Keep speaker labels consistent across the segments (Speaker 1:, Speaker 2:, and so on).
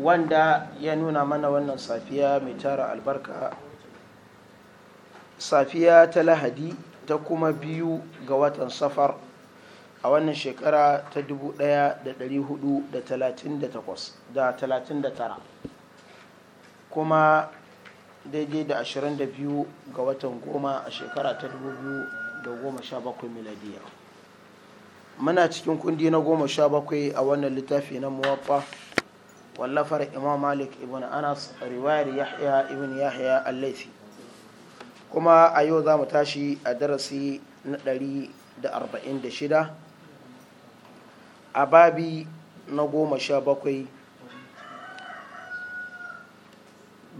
Speaker 1: wanda ya nuna mana wannan safiya mai tara albarka safiya ta lahadi ta kuma biyu ga watan safar a wannan shekara ta 1438 kuma daidai da 22 ga watan goma a shekara ta 2017 miladiya muna cikin kundi na 17 a wannan littafi na muwaffa wallafar imam malik ibn anas riwayar yahya ibn yahya al-laifi kuma a yau za mu tashi a darasi na 146 a babi na goma sha bakwai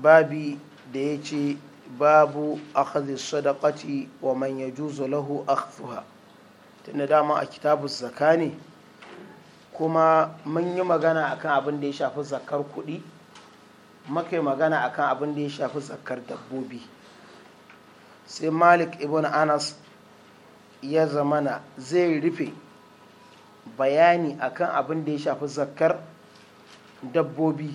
Speaker 1: babi da ya ce babu akhadhi sadaqati wa man yajuzu lahu akhdhuha tunda dama a kitabu zakani kuma mun yi magana akan abin da ya shafi zakar kuɗi makai magana akan abin da ya shafi zakar dabbobi sai malik ibn anas ya zamana zai rufe bayani akan abin da ya shafi zakar dabbobi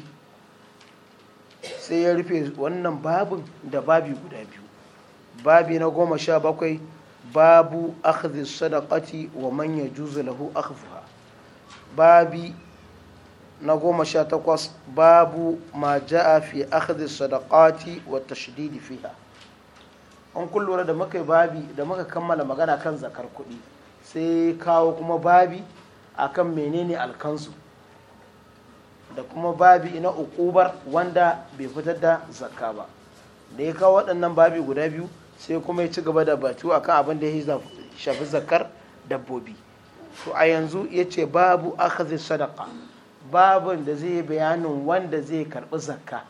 Speaker 1: sai ya rufe wannan babin da babi guda biyu babi na goma sha bakwai babu akhdhi sadaqati wa man yajuzu lahu akhdhuha babi na goma sha takwas babu ma ja'a fi akhdhi sadaqati wa tashdidi fiha an kullura da muka babi da muka kammala magana kan zakar kuɗi sai kawo kuma babi akan menene alkansu da kuma babi na ukubar wanda bai fitar da zakka ba da ya kawo waɗannan babi guda biyu sai kuma ya ci gaba da batu akan abin da ya shafi zakar dabbobi to a yanzu ya ce babu zai sadaka babin da zai bayanin wanda zai karbi zakka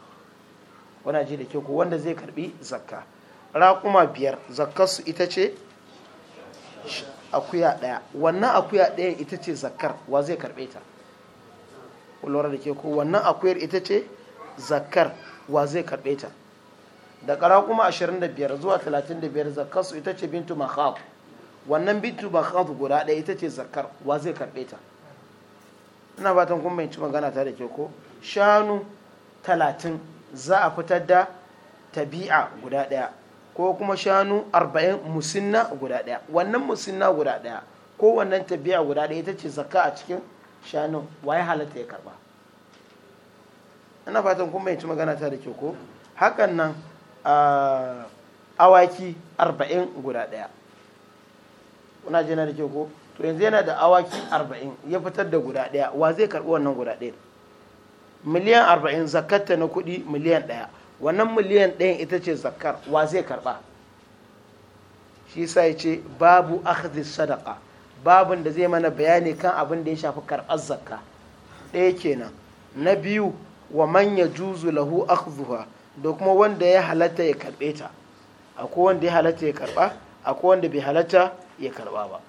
Speaker 1: wana ji da ke ko wanda zai karbi zakka raƙuma biyar zakkarsu ita ce akuya ɗaya wannan akuya ɗaya ita ce zakkar wa zai karbe ta lura da ke ku wannan akuyar ita ce zakkar wa zai karbe ta da ƙara kuma 25 zuwa 35 zakkarsu ita ce bintu mahab wannan bitu ba khadu guda ɗaya ita ce zakar wa zai karɓe ta ina fatan kun bayanci magana ta da ke ko shanu talatin za a fitar da tabi'a guda ɗaya ko kuma shanu arba'in musinna guda ɗaya wannan musinna guda ɗaya ko wannan tabi'a guda ɗaya ita ce zakka a cikin shanun waye halatta ya karɓa ina fatan kun yanci magana ta da ke ko hakan nan ah, awaki arba'in guda ɗaya kuna jina da ke ko to yanzu yana da awaki arba'in ya fitar da guda daya wa zai karɓi wannan guda ɗaya miliyan arba'in zakarta na kuɗi miliyan ɗaya wannan miliyan ɗayan ita ce zakar wa zai karɓa shi sa ce babu akhdhi sadaka babin da zai mana bayani kan abin da ya shafi karɓar zakka ɗaya kenan na biyu wa manya juzu lahu akhdhuha da kuma wanda ya halatta ya karɓe ta akwai wanda ya halatta ya karɓa akwai wanda bai halatta iya karba ba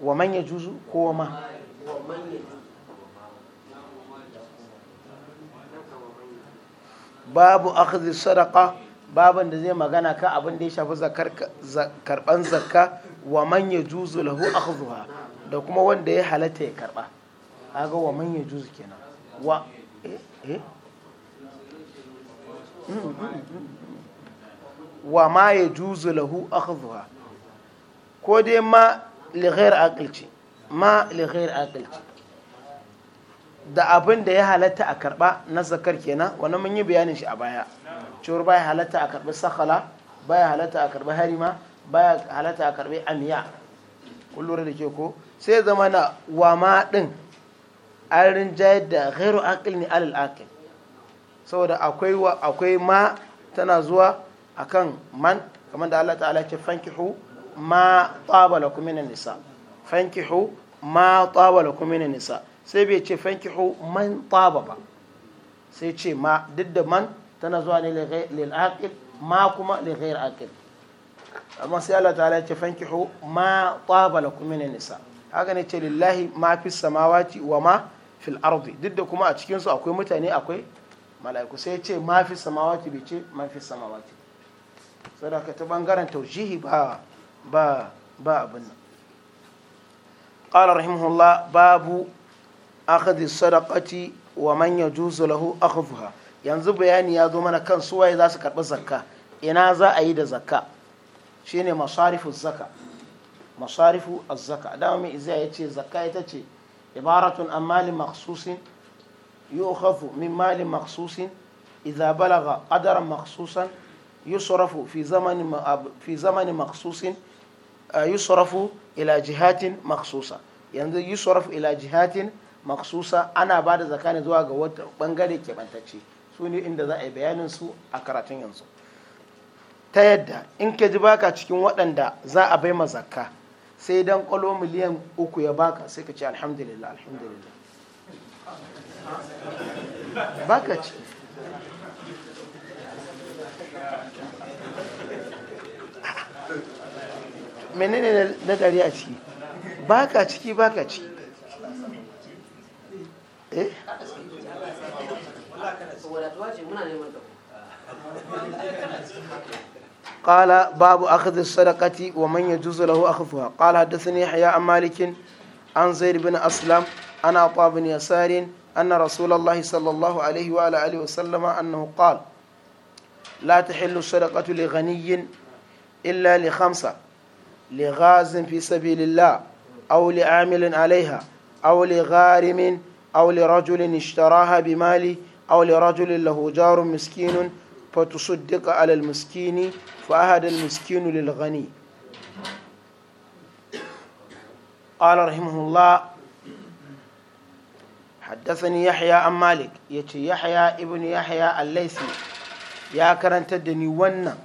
Speaker 1: wa man ya juzu ko ma babu akhdhi sadaqa baban da zai magana ka abin da ya shafi karban zakka wa man ya juzu lahu akhdhuha da kuma wanda ya halatta ya karba kaga wa man ya juzu kenan wa eh eh wa ma ya juzu lahu akhdhuha ko dai ma li akilci ma li akilci da abin da ya halatta a karba na zakar kenan wani mun yi bayanin shi a baya cewar baya halatta a karbi sakhala baya halatta a karbi harima baya halatta a karbi amiya kun lura da ke ko sai zama na wa ma din an rinjayar da ghairu akil ni alal akil saboda akwai akwai ma tana zuwa akan man kamar da Allah ta'ala ce fankihu ma tabala kuminan nisa fankihu ma tabala kuminan nisa sai bai ce fankihu man taba ba sai ce ma duk da man tana zuwa ne lil aqil ma kuma lil ghair aqil amma sai Allah ta'ala ce fankihu ma tabala kuminan nisa haka ne ce lillahi ma fi samawati wa ma fil ardi duk da kuma a cikin su akwai mutane akwai mala'iku sai ce mafi samawati bai ce mafi samawati saboda ta bangaren taujihi ba ba ba abin nan qala rahimahullah babu akadi sadaqati wa manya juzu lahu akhdhuha yanzu bayani ya zo mana kan su waye za su karɓi zakka ina za a yi da zakka shine masarifu zakka masarifu az-zakka dama mai ya yace zakka ita ce ibaratun amali makhsusin يؤخذ من مال مخصوص إذا بلغ قدرا مخصوصا يصرف في زمن في زمن مخصوص يصرف إلى جهات مخصوصة يعني يصرف إلى جهات مخصوصة أنا بعد زكاة زواج بنغالي كبنتشي سوني إن ذا إبيان سو أكرتين ينسو تيدا إن in ka ji baka ذا أبي za a bai zakka أكو يباك سكتي الحمد لله الحمد لله baka ci menene na gari a ciki baka ciki baka ciki قال باب أخذ الصدقة ومن يجوز له أخذها قال حدثني يحيى عن مالك عن زيد بن أسلم عن عطاء بن يسار أن رسول الله صلى الله عليه وعلى آله وسلم أنه قال لا تحل الصدقة لغني إلا لخمسة لغاز في سبيل الله أو لعامل عليها أو لغارم أو لرجل اشتراها بماله أو لرجل له جار مسكين فتصدق على المسكين فأهد المسكين للغني قال رحمه الله haddasani yahya ya ce yahya ibn da ni wannan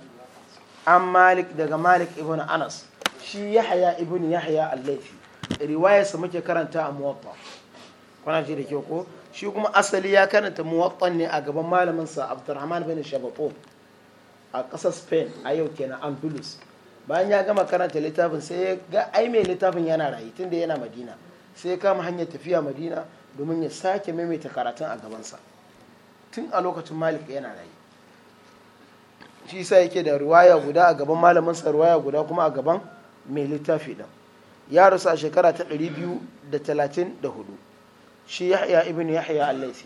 Speaker 1: an malik daga malik ibn anas shi yahya ibn yahya allaisi riwayarsa muke karanta a muwatta kyau ko shi kuma asali ya karanta muwatta ne a gaban malaminsa abdurrahman bin shabato a ƙasar spain a yau kenan andalus bayan ya gama karanta littafin sai ya ga ai mai littafin yana rayu tunda yana madina sai ya kama hanyar tafiya madina domin ya sake maimaita karatun a gabansa tun a lokacin malik yana rayu shi sa yake da ruwaya guda a gaban malaminsa ruwaya guda kuma a gaban mai littafi ɗin ya rasu a shekara ta 234 shi yahya ibn yahya allaisi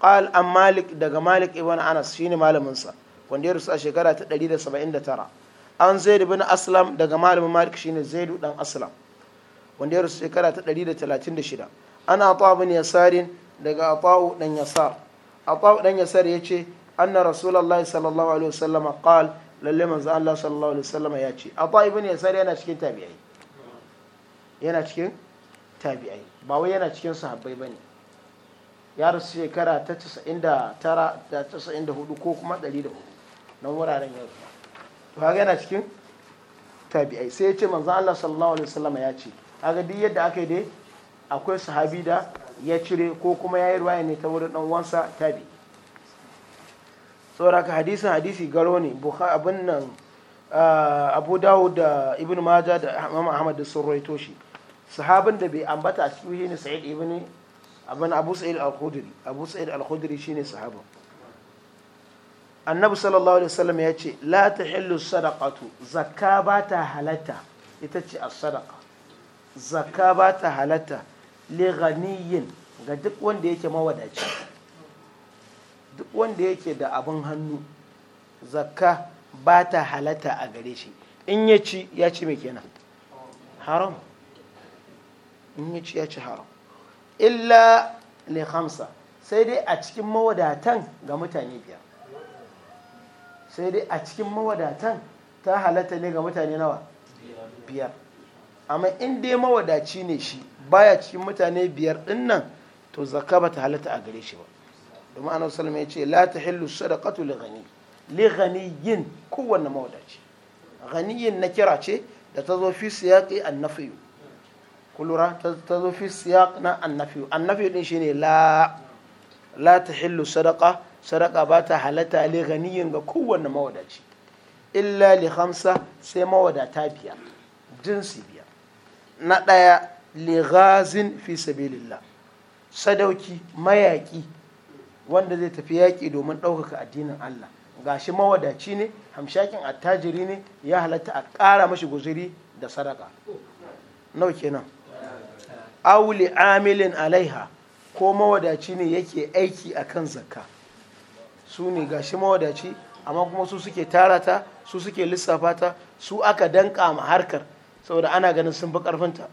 Speaker 1: qal an malik daga malik ibn anas shine malaminsa wanda ya rasu a shekara ta 179 an zaid ibn aslam daga malamin malik shine zaidu dan aslam wanda ya rasu shekara ta 136 ana ata bin yasarin daga ata'u dan yasar ata'u dan yasar yace anna rasulullahi sallallahu alaihi wasallam qal lalle manzo Allah sallallahu alaihi wasallam ya ce ata ibn yasar yana cikin tabi'ai yana cikin tabi'ai ba wai yana cikin sahabbai bane ya rasu shekara ta 99 da hudu, ko kuma 104 nan wuraren yau to kaga yana cikin tabi'ai sai ya ce manzo Allah sallallahu alaihi wasallam ya ce kaga duk yadda aka yi dai akwai sahabi da ya cire ko kuma ya yi ruwaya ne ta wurin dan wansa tabi tsoraka hadisin hadisi garo ne abin nan abu dawo da ibn maja da imam ahmad da sun roito shi sahabin da bai ambata a cikin ne sa'id ibn abin abu sa'id al-khudri abu sa'id al-khudri ne sahabin annabi sallallahu alaihi wasallam ya ce la hillu sadaqatu zakka ba ta halatta ita ce as-sadaqa zakka ba ta halatta li ghaniyin ga duk wanda yake mawadaci duk wanda yake da abin hannu zakka ba ta halatta a gare shi in ya ci ya ci mai kenan haram in ya ci ya ci haram illa li hamsa sai dai a cikin mawadatan ga mutane biyar sai dai a cikin mawadatan ta halatta ne ga mutane nawa biyar amma in dai mawadaci ne shi baya cikin mutane biyar din nan to zakka ba ta halatta a gare shi ba domin annabi sallallahu ya ce la tahillu sadaqatu li ghani li ghaniyin kowanne mawadaci ghaniyin na kira ce da ta zo fi siyaqi annafiyu kulura ta zo fi siyaq na annafiyu annafiyu din shine la la tahillu sadaqa sadaqa ba ta halatta li ghaniyin ga kowanne mawadaci illa li khamsa sai mawadata biyar jinsi biyar na ɗaya lighazin fi sabilillah sadauki mayaki wanda zai tafi yaƙi domin ɗaukaka addinin Allah gashi mawadaci ne hamshakin attajiri ne ya halatta a ƙara mashi guziri da sadaka nau kenan auli amilin alaiha ko mawadaci ne yake aiki a kan zakka su ne gashi mawadaci amma kuma su suke tara su suke lissafata su aka danka ma harkar saboda ana ganin sun fi ƙarfinta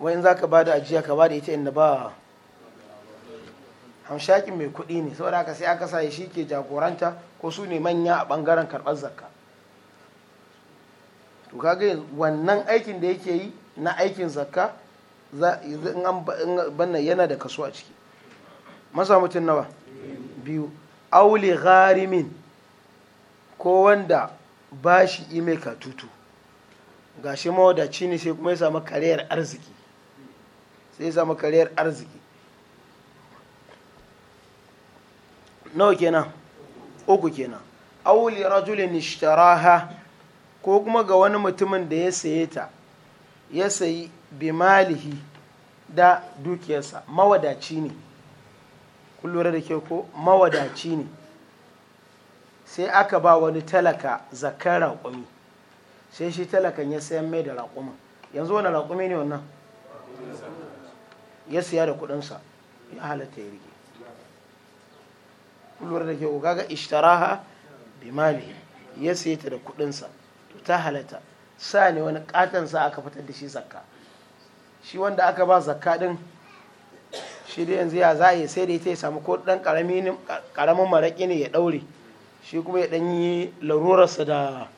Speaker 1: wa in za ka ba da ajiya ka ba da ita inda ba hamshakin mai kuɗi ne saboda haka sai aka sa shi ke jagoranta ko su ne manya a bangaren karbar zakka to kaga wannan aikin da yake yi na aikin zakka banna yana da kaso a ciki masa mutum nawa biyu auli gharimin ko wanda bashi ime katutu gashi mawadaci ne sai kuma ya samu kariyar arziki sai zama kariyar arziki nawa kenan uku kenan auli rajulin ishtaraha ko kuma ga wani mutumin da ya saye ta ya sayi bimalihi da dukiyarsa mawadaci ne kun da ke ko mawadaci ne sai aka ba wani talaka zakar raƙumi sai shi talakan ya sayan mai da raƙumin yanzu wani raƙumi ne wannan ya siya da kudinsa ya halatta ya rike kullum da ke kaga ishtaraha bi mali ya siya ta da kuɗinsa to ta halatta sa ne wani katon aka fitar da shi zakka shi wanda aka ba zakka din shi da yanzu ya za a yi sai da ita ya samu ko dan karamin maraƙi ne ya ɗaure shi kuma ya ɗan yi larurarsa da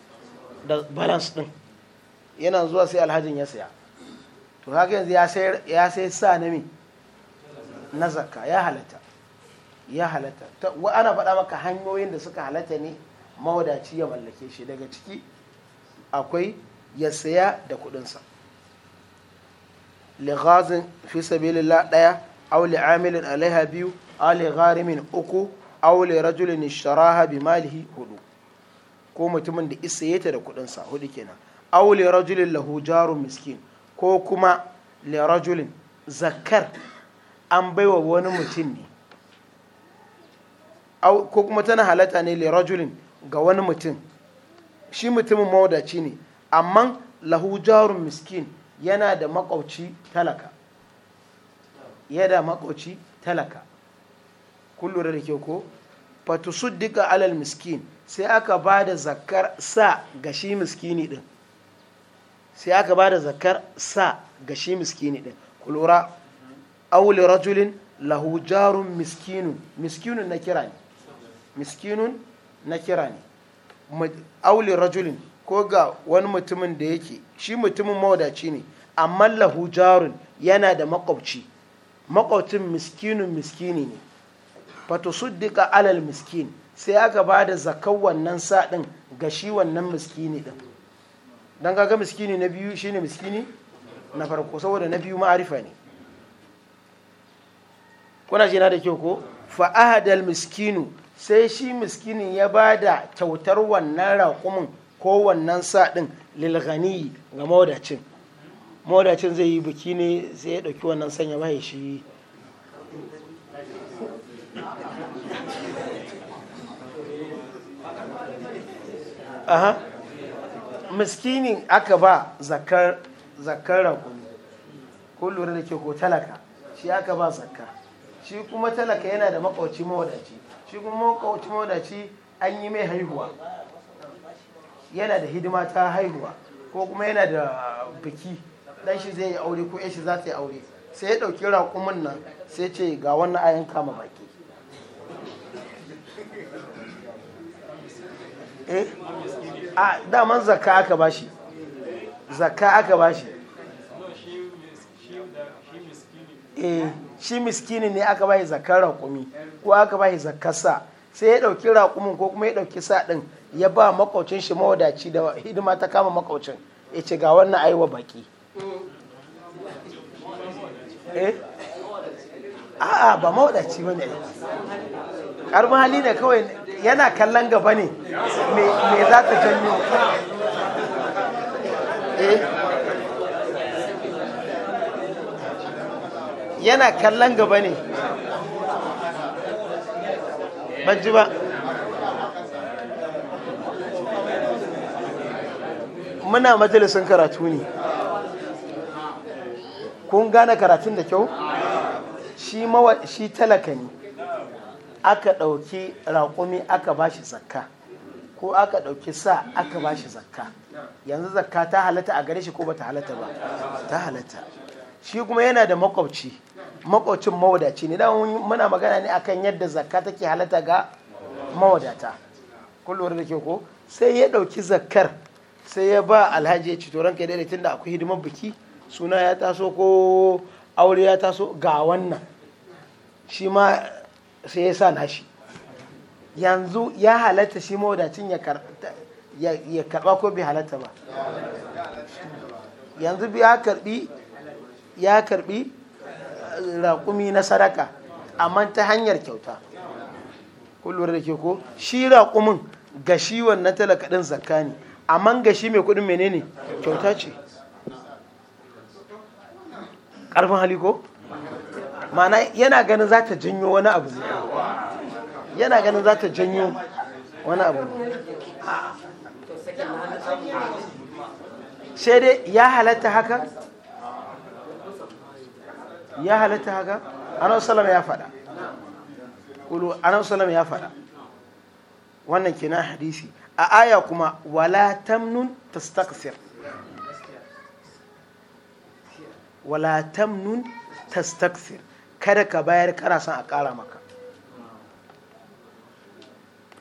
Speaker 1: balance din yana zuwa sai alhajin ya siya. to haka yanzu ya sai sa na mi na zakka ya halatta ya halatta ana faɗa maka hanyoyin da suka halatta ne mawadaci ya mallake shi daga ciki akwai ya saya da kuɗinsa lighazin fi sabilillah daya aw amilin alaiha biyu aw gharimin uku aw rajulin ishtaraha bi malihi hudu ko mutumin da isayeta ta da kuɗinsa hudu kenan aw rajulin lahu jarun miskin ko kuma julin, zakar an baiwa wani mutum ne ko kuma tana halatta ne julin ga wani mutum shi mutumin mawadaci ne amma lahujarun miskin yana da makauci talaka yana makauci talaka kullum da ke ko duka alal miskin sai aka ba da zakar sa ga shi miskini din sai aka ba da zakar sa ga shi miskini ɗin ku lura auli rajulin lahu jarun miskinun miskinun na kira ne miskinun na kira ne auli rajulin ko ga wani mutumin da yake shi mutumin mawadaci ne amma lahu jarun yana da makwabci makwabcin miskinun miskini ne su suddika alal miskin sai aka ba da zakar wannan sa ɗin ga shi wannan miskini ɗin don kaga miskini na biyu ne miskini na farko saboda na biyu ma'arifa ne kuna shi na da kyau ko fa'ahadal miskinu sai shi miskinin ya ba da kyautar wannan raƙumin ko wannan saɗin lilghani ga mawadacin mawadacin zai yi biki ne sai ya ɗauki wannan sanya mai shi aha miskinin aka ba zakar zakar ko lura da ke ko talaka shi aka ba zakka shi kuma talaka yana da makauci mawadaci shi kuma makauci mawadaci an yi mai haihuwa yana da hidima ta haihuwa ko kuma yana da biki dan shi zai yi aure ko shi za ta yi aure sai ya ɗauki rakumin nan sai ce ga wannan ayan kama baki
Speaker 2: eh a
Speaker 1: daman zakka aka bashi zakka aka bashi eh shi miskini ne aka bashi zakkar raƙumi ko aka bashi zakkar sa sai ya ɗauki raƙumin ko kuma ya ɗauki sa ɗin ya ba makwacin shi mawadaci da hidima ta kama makwacin ya ce ga wannan aiwa baki eh a'a ba mawadaci bane ƙarfin hali ne kawai yana kallon gaba ne me za ta janyo eh. yana kallon gaba ne ban ji ba muna majalisun karatu ne kun gane karatun da kyau shi talaka ne aka ɗauki raƙumi aka ba shi zakka ko aka ɗauki sa aka ba shi zakka yanzu zakka ta halatta a gare shi ko ba ta halatta ba ta halatta shi kuma yana da makwabci makwabcin mawadaci ne don muna magana ne akan yadda zakka take halatta ga mawadata kullum da ke ko sai ya ɗauki zakkar sai ya ba alhaji ya ci toron kai daidai da akwai hidimar biki suna ya taso ko aure ya taso ga wannan shi ma sai ya sa nashi yanzu ya halatta shi mawadacin ya karba ko bai halatta ba yanzu ya karbi ya karbi eh, raƙumi na sadaka amma ta hanyar kyauta kullum da ke ko shi raƙumin ga shi wannan talaka ɗin zakka ne amma ga shi mai mene menene kyauta ce ƙarfin hali ko mana yana ganin za ta janyo wani abu zai yana ganin za ta janyo wani abu sai dai ya halatta haka ya halatta haka anan salam ya fada kulu anan salam ya fada wannan kenan hadisi a aya kuma wala tamnun tastaqsir wala tamnun tastaqsir kada ka bayar kana son a ƙara maka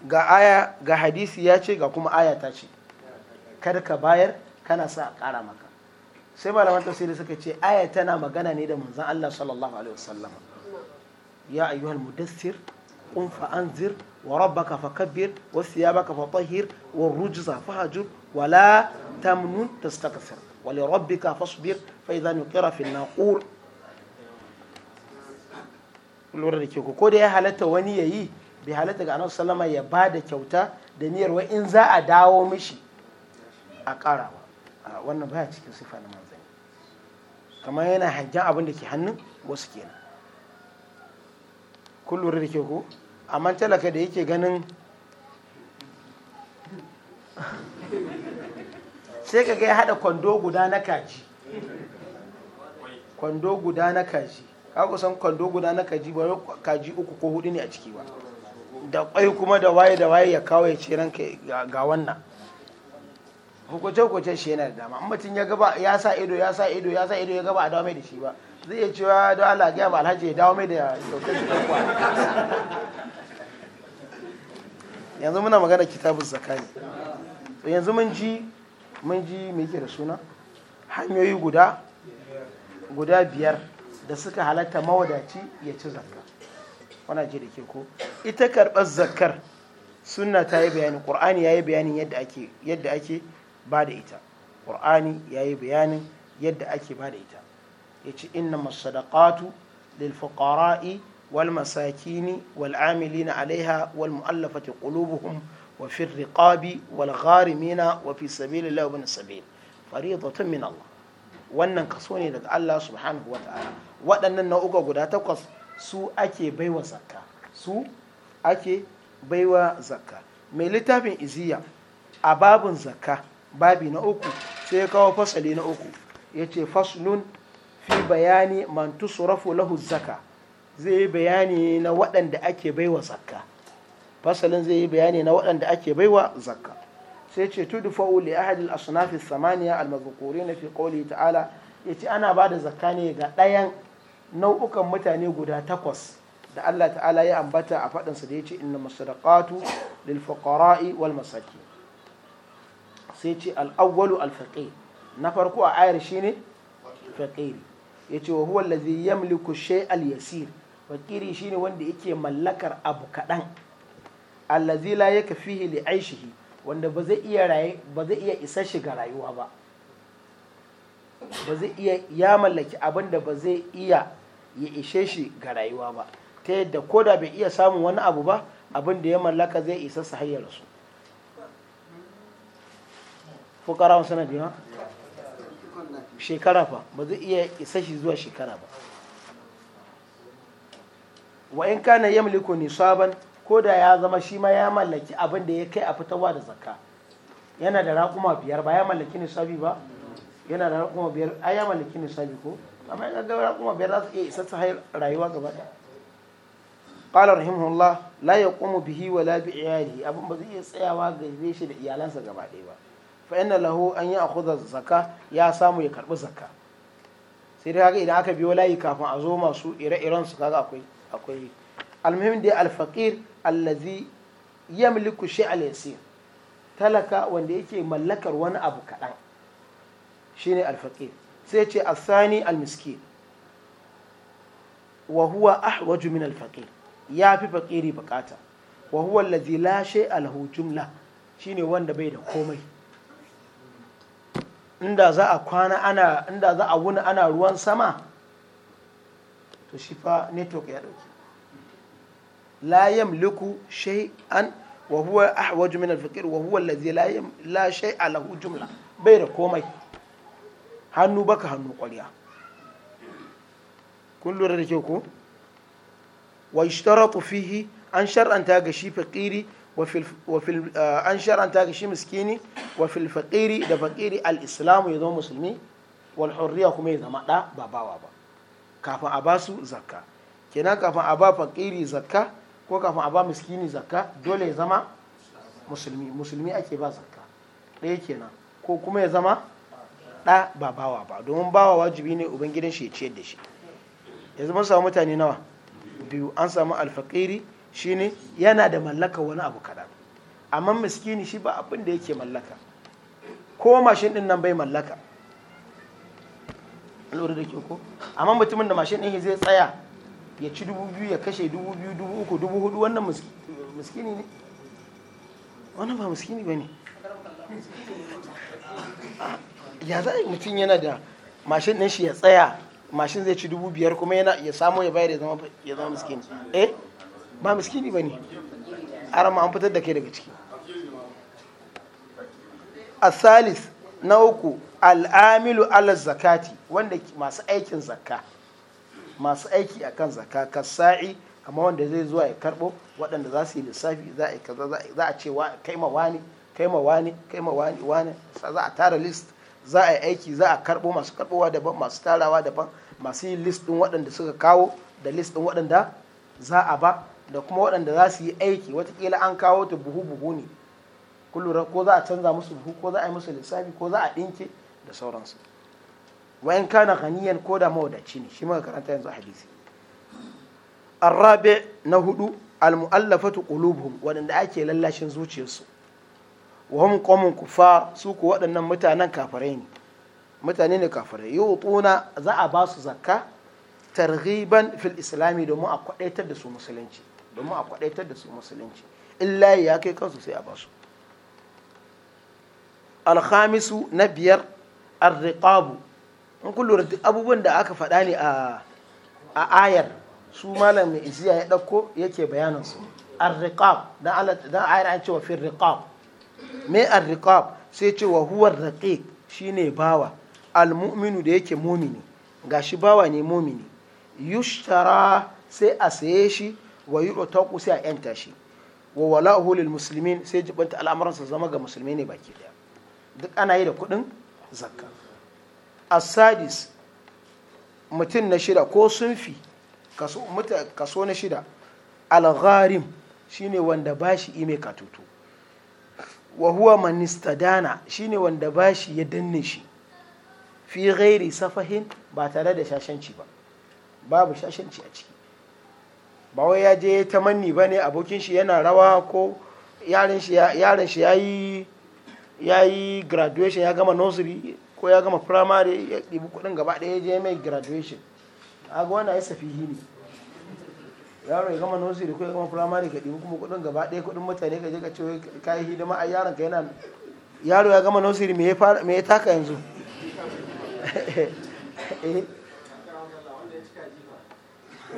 Speaker 1: ga aya ga hadisi ya ce ga kuma aya ta ce kada ka bayar kana son a ƙara maka sai malaman tafsiri suka ce aya tana magana ne da manzon Allah sallallahu alaihi wasallam ya ayyuhal mudassir qum fa anzir wa rabbaka fakabbir wa thiyabaka fatahhir wa rujza fahjur wa la tamnun tastakthir wa li rabbika fasbir fa idha nuqira fil naqur lura da ke ko da ya halatta wani ya yi bai halatta ga annabi sallama ya ba da kyauta da niyyar wa in za a dawo mishi a karawa. ba wannan baya cikin sifa na manzanni kamar yana hangen abin da ke hannun wasu kenan Ku lura da ke ku, amma talaka da yake ganin sai ka ga ya haɗa kwando guda na kaji kwando guda na kaji ka kusan kwando guda na kaji ba kaji uku ko hudu ne a ciki ba da kwai kuma da waye da waye ya kawo ya ce ranka ga wannan hukuce hukuce shi yana da dama in mutum ya gaba ya sa ido ya sa ido ya sa ido ya gaba a dawo mai da shi ba zai iya cewa don Allah ga ba alhaji ya dawo mai da dauke shi kwa yanzu muna magana kitabun zakani to yanzu mun ji mun ji me yake da suna hanyoyi guda guda biyar da suka halatta mawadaci ya ci zakka wana ce da ke ko ita karɓar zakkar sunna ta yi bayani ƙur'ani ya yi bayanin yadda ake ba da ita ƙur'ani ya yi bayanin yadda ake ba da ita ya ce inna masadaqatu lil fuqara'i wal masakini wal amilina alaiha wal mu'allafati qulubuhum wa fi riqabi wal gharimina wa fi sabilillahi wa ibn sabil fariidatan min Allah wannan kaso ne daga Allah subhanahu wa ta'ala waɗannan nau'uka guda takwas su ake baiwa zakka su ake baiwa zakka mai littafin iziya a babin zakka babi na uku sai kawo fasali na uku ya ce faslun fi bayani man rafu lahu zakka zai yi bayani na waɗanda ake baiwa zakka fasalin zai yi bayani na waɗanda ake baiwa zakka sai ce tudfa'u li ahadi al-asnaf ath samaniya al na fi qawli ta'ala yace ana bada zakka ne ga ɗayan nau'ukan mutane guda takwas da Allah ta'ala ya ambata a faɗinsa da ya ce inna masadaqatu lil fuqara'i wal masaki. sai ce al-awwalu al na farko a ayar shine Ya yace wa huwa allazi yamliku al yasir shi shine wanda yake mallakar abu kadan allazi la yakfihi li aishihi wanda ba zai iya raye ba zai iya isa shiga rayuwa ba ba zai iya ya mallaki abin da ba zai iya ya ishe shi ga rayuwa ba ta yadda ko da bai iya samun wani abu ba abin da ya mallaka zai isa su hayar su fukara na. biya shekara fa ba zai iya isa shi zuwa shekara ba wa in kana yamliku saban ko da ya zama shi ma ya mallaki abin da ya kai a fitarwa da zakka yana da raƙuma biyar ba ya mallaki sabi ba yana da raƙuma biyar ai ya mallaki sabi ko amma yana da raƙuma biyar za su iya isa ta rayuwa gaba ɗaya qala rahimahullah la kuma bihi wa la bi iyalihi abin ba zai iya tsayawa gare shi da iyalansa gaba ɗaya ba fa inna lahu an ya'khudha zakka ya samu ya karbi zakka sai dai kaga idan aka biyo layi kafin a zo masu ire-iren su kaga akwai akwai almuhim dai alfaqir allazi yamliku a yasir talaka wanda yake mallakar wani abu kaɗan shine alfaqir sai ce al almiskin wa huwa ahwaju min alfaqir ya fi faqiri buƙata wa huwa lazi lashe shay'a lahu jumla shine wanda bai da komai inda za a kwana ana inda za a wuni ana ruwan sama to shi fa network ya ɗauki la yamliku an wa huwa ahwaju min alfaqir wa huwa allazi la shay'a lahu jumla bai da komai hannu baka hannu ƙwarya kun lura da kyau ko wa ishtaratu fihi an shar'anta ga shi faqiri eh, an shar'anta ga shi miskini wa fil faqiri da faqiri al islam ya zama musulmi wal hurriya kuma ya zama da ba ba kafin a basu zakka kenan kafin a ba faqiri zakka ko kafin a ba miskini zakka dole ya zama musulmi musulmi ake ba zakka ɗaya kenan ko kuma ya zama ɗa ba bawa ba domin bawa wajibi ne ubangidan shi ya ciyar da shi yanzu mun samu mutane nawa biyu an samu alfakiri shine yana da mallaka wani abu kaɗan amma miskini shi ba abin da yake mallaka ko mashin ɗin nan bai mallaka lura da ko amma mutumin da mashin ɗin zai tsaya ya ci dubu biyu ya kashe dubu biyu dubu uku dubu hudu wannan miskini ne wannan ba miskini ba ne ya za a mutum yana da mashin ɗin shi ya tsaya mashin zai ci dubu biyar kuma yana ya samu ya bayar ya zama miskini eh ba miskini ba ne arama an fitar da kai daga ciki asalis na uku al'amilu alas zakati wanda masu aikin zakka masu aiki akan zakka kasa'i kamar wanda zai zuwa ya karbo waɗanda za su yi lissafi za a ce kai ma wani kai ma wani kai ma wani wani za a tara list za a yi aiki za a karɓo masu karbowa daban masu tarawa daban masu yi list ɗin waɗanda suka kawo da list ɗin waɗanda za a ba da kuma waɗanda za su yi aiki watakila an kawo ta buhu buhu ne kullum ko za a canza musu buhu ko za a yi musu lissafi ko za a ɗinke da sauransu wa kana ghaniyan ko da mawadaci ne shi maka karanta yanzu a hadisi arrabe na hudu almu'allafatu qulubuhum waɗanda ake lallashin zuciyarsu wa hum qawmun kuffar su ku waɗannan mutanen kafirai ne mutane ne kafirai yu'tuna za a ba su zakka targhiban fil islami domin a kwadaitar da su musulunci domin a kwadaitar da su musulunci illa ya kai kansu sai a ba su alhamisu na biyar arriqabu in kun abubuwan da aka faɗa ne a su malam mai ya ɗauko yake bayanin su arriqab ayar an cewa fi riqab me arriqab sai ce wa huwa raqiq shine bawa almu'minu da yake mumini shi bawa ne mumini yushtara sai a saye shi wa yu'taqu sai a yanta shi wa wala'uhu lil muslimin sai jibanta al'amuransa zama ga musulmai ne baki daya duk ana yi da kudin zakka asadis mutum na shida ko sunfi kaso na shida algharim shine wanda bashi ime katutu wa huwa manistadana shine wanda ba shi ya danne shi fi ghairi safahin ba tare da shashanci ba babu shashanci a ciki ba wai ya je ta manni ba ne abokin shi yana rawa ko yaron shi ya yi graduation ya gama nursery ko ya gama primary ya ɗibi kuɗin gaba ɗaya ya je mai graduation a ga wannan safihi ne yaro ya gama nursery ko ya gama firamare ka dibi kuma kudin gaba ɗaya kudin mutane ka je ka ce ka yi hidima a yaron ka yana yaro ya gama nursery me ya taka yanzu eh.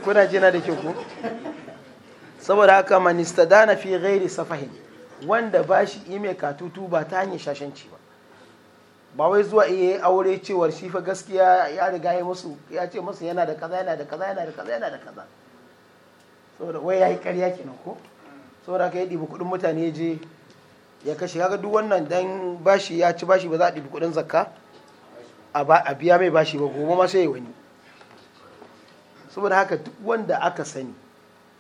Speaker 1: kuna jina da kyau ko saboda haka manista dana fi gairi safahin wanda ba shi yi mai katutu ba ta hanyar shashanci ba ba wai zuwa iya aure cewar shi fa gaskiya ya riga ya musu ya ce musu yana da kaza yana da kaza yana da kaza yana da kaza saboda wai ya yi karya kenan ko saboda ka yi ɗibi kuɗin mutane je ya kashe kaga duk wannan dan bashi ya ci bashi ba za a ɗibi kuɗin zakka a biya mai bashi ba gobe ma sai wani saboda haka duk wanda aka sani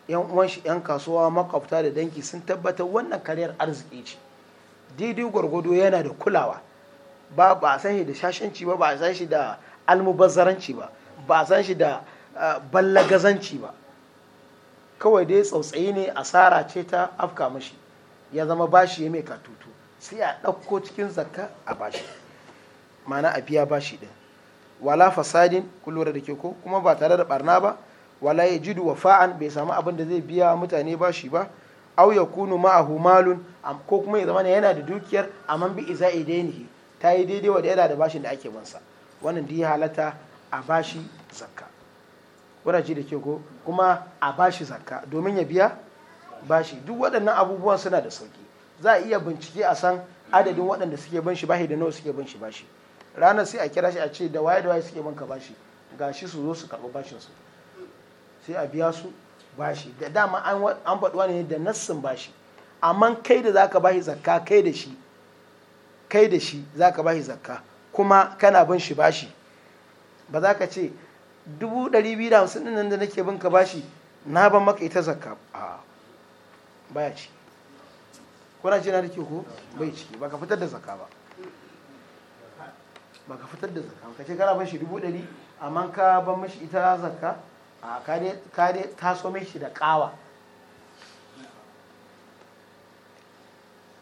Speaker 1: yan uwan shi yan kasuwa makwabta da danki sun tabbatar wannan karyar arziki ce didi gwargwado yana da kulawa ba ba a san shi da shashanci ba ba a san shi da almubazzaranci ba ba a san shi da eh, ballagazanci ba kawai dai tsautsayi ne asara ce ta afka mashi ya zama bashi ya mai katutu sai a ɗauko cikin zakka a bashi mana a biya bashi ɗin wala fasadin kullura da ke ko kuma ba tare da barna ba wala ya jidu wa fa'an bai samu abin da zai biya mutane bashi ba au ya kunu ma'ahu malun ko kuma ya zama yana da dukiyar amma bi iza idainihi ta yi daidai wa da yana da bashin da ake bansa wannan da ya halatta a bashi zakka kuna ji da ke ko kuma a bashi zakka domin ya biya bashi duk waɗannan abubuwan suna da sauki za a iya bincike a san adadin waɗanda suke ban shi bashi da nawa suke ban shi bashi ranar sai a kira shi a ce da waye da waye suke ka bashi shi su zo su karɓi bashin su sai a biya su bashi da dama an faɗuwa ne da nassin bashi amma kai da zaka bashi zakka kai da shi kai da shi zaka bashi zakka kuma kana bin shi bashi ba za ka ce dubu ɗari biyu da hamsin ɗin nan da nake bin ka bashi na ban maka ita zakka a baya ciki kuna ce na da ke ko bai ciki ba ka fitar da zakka ba ba ka fitar da zakka ka ce kana bashi dubu ɗari amma ka ban mashi ita zakka a ta so mai shi da ƙawa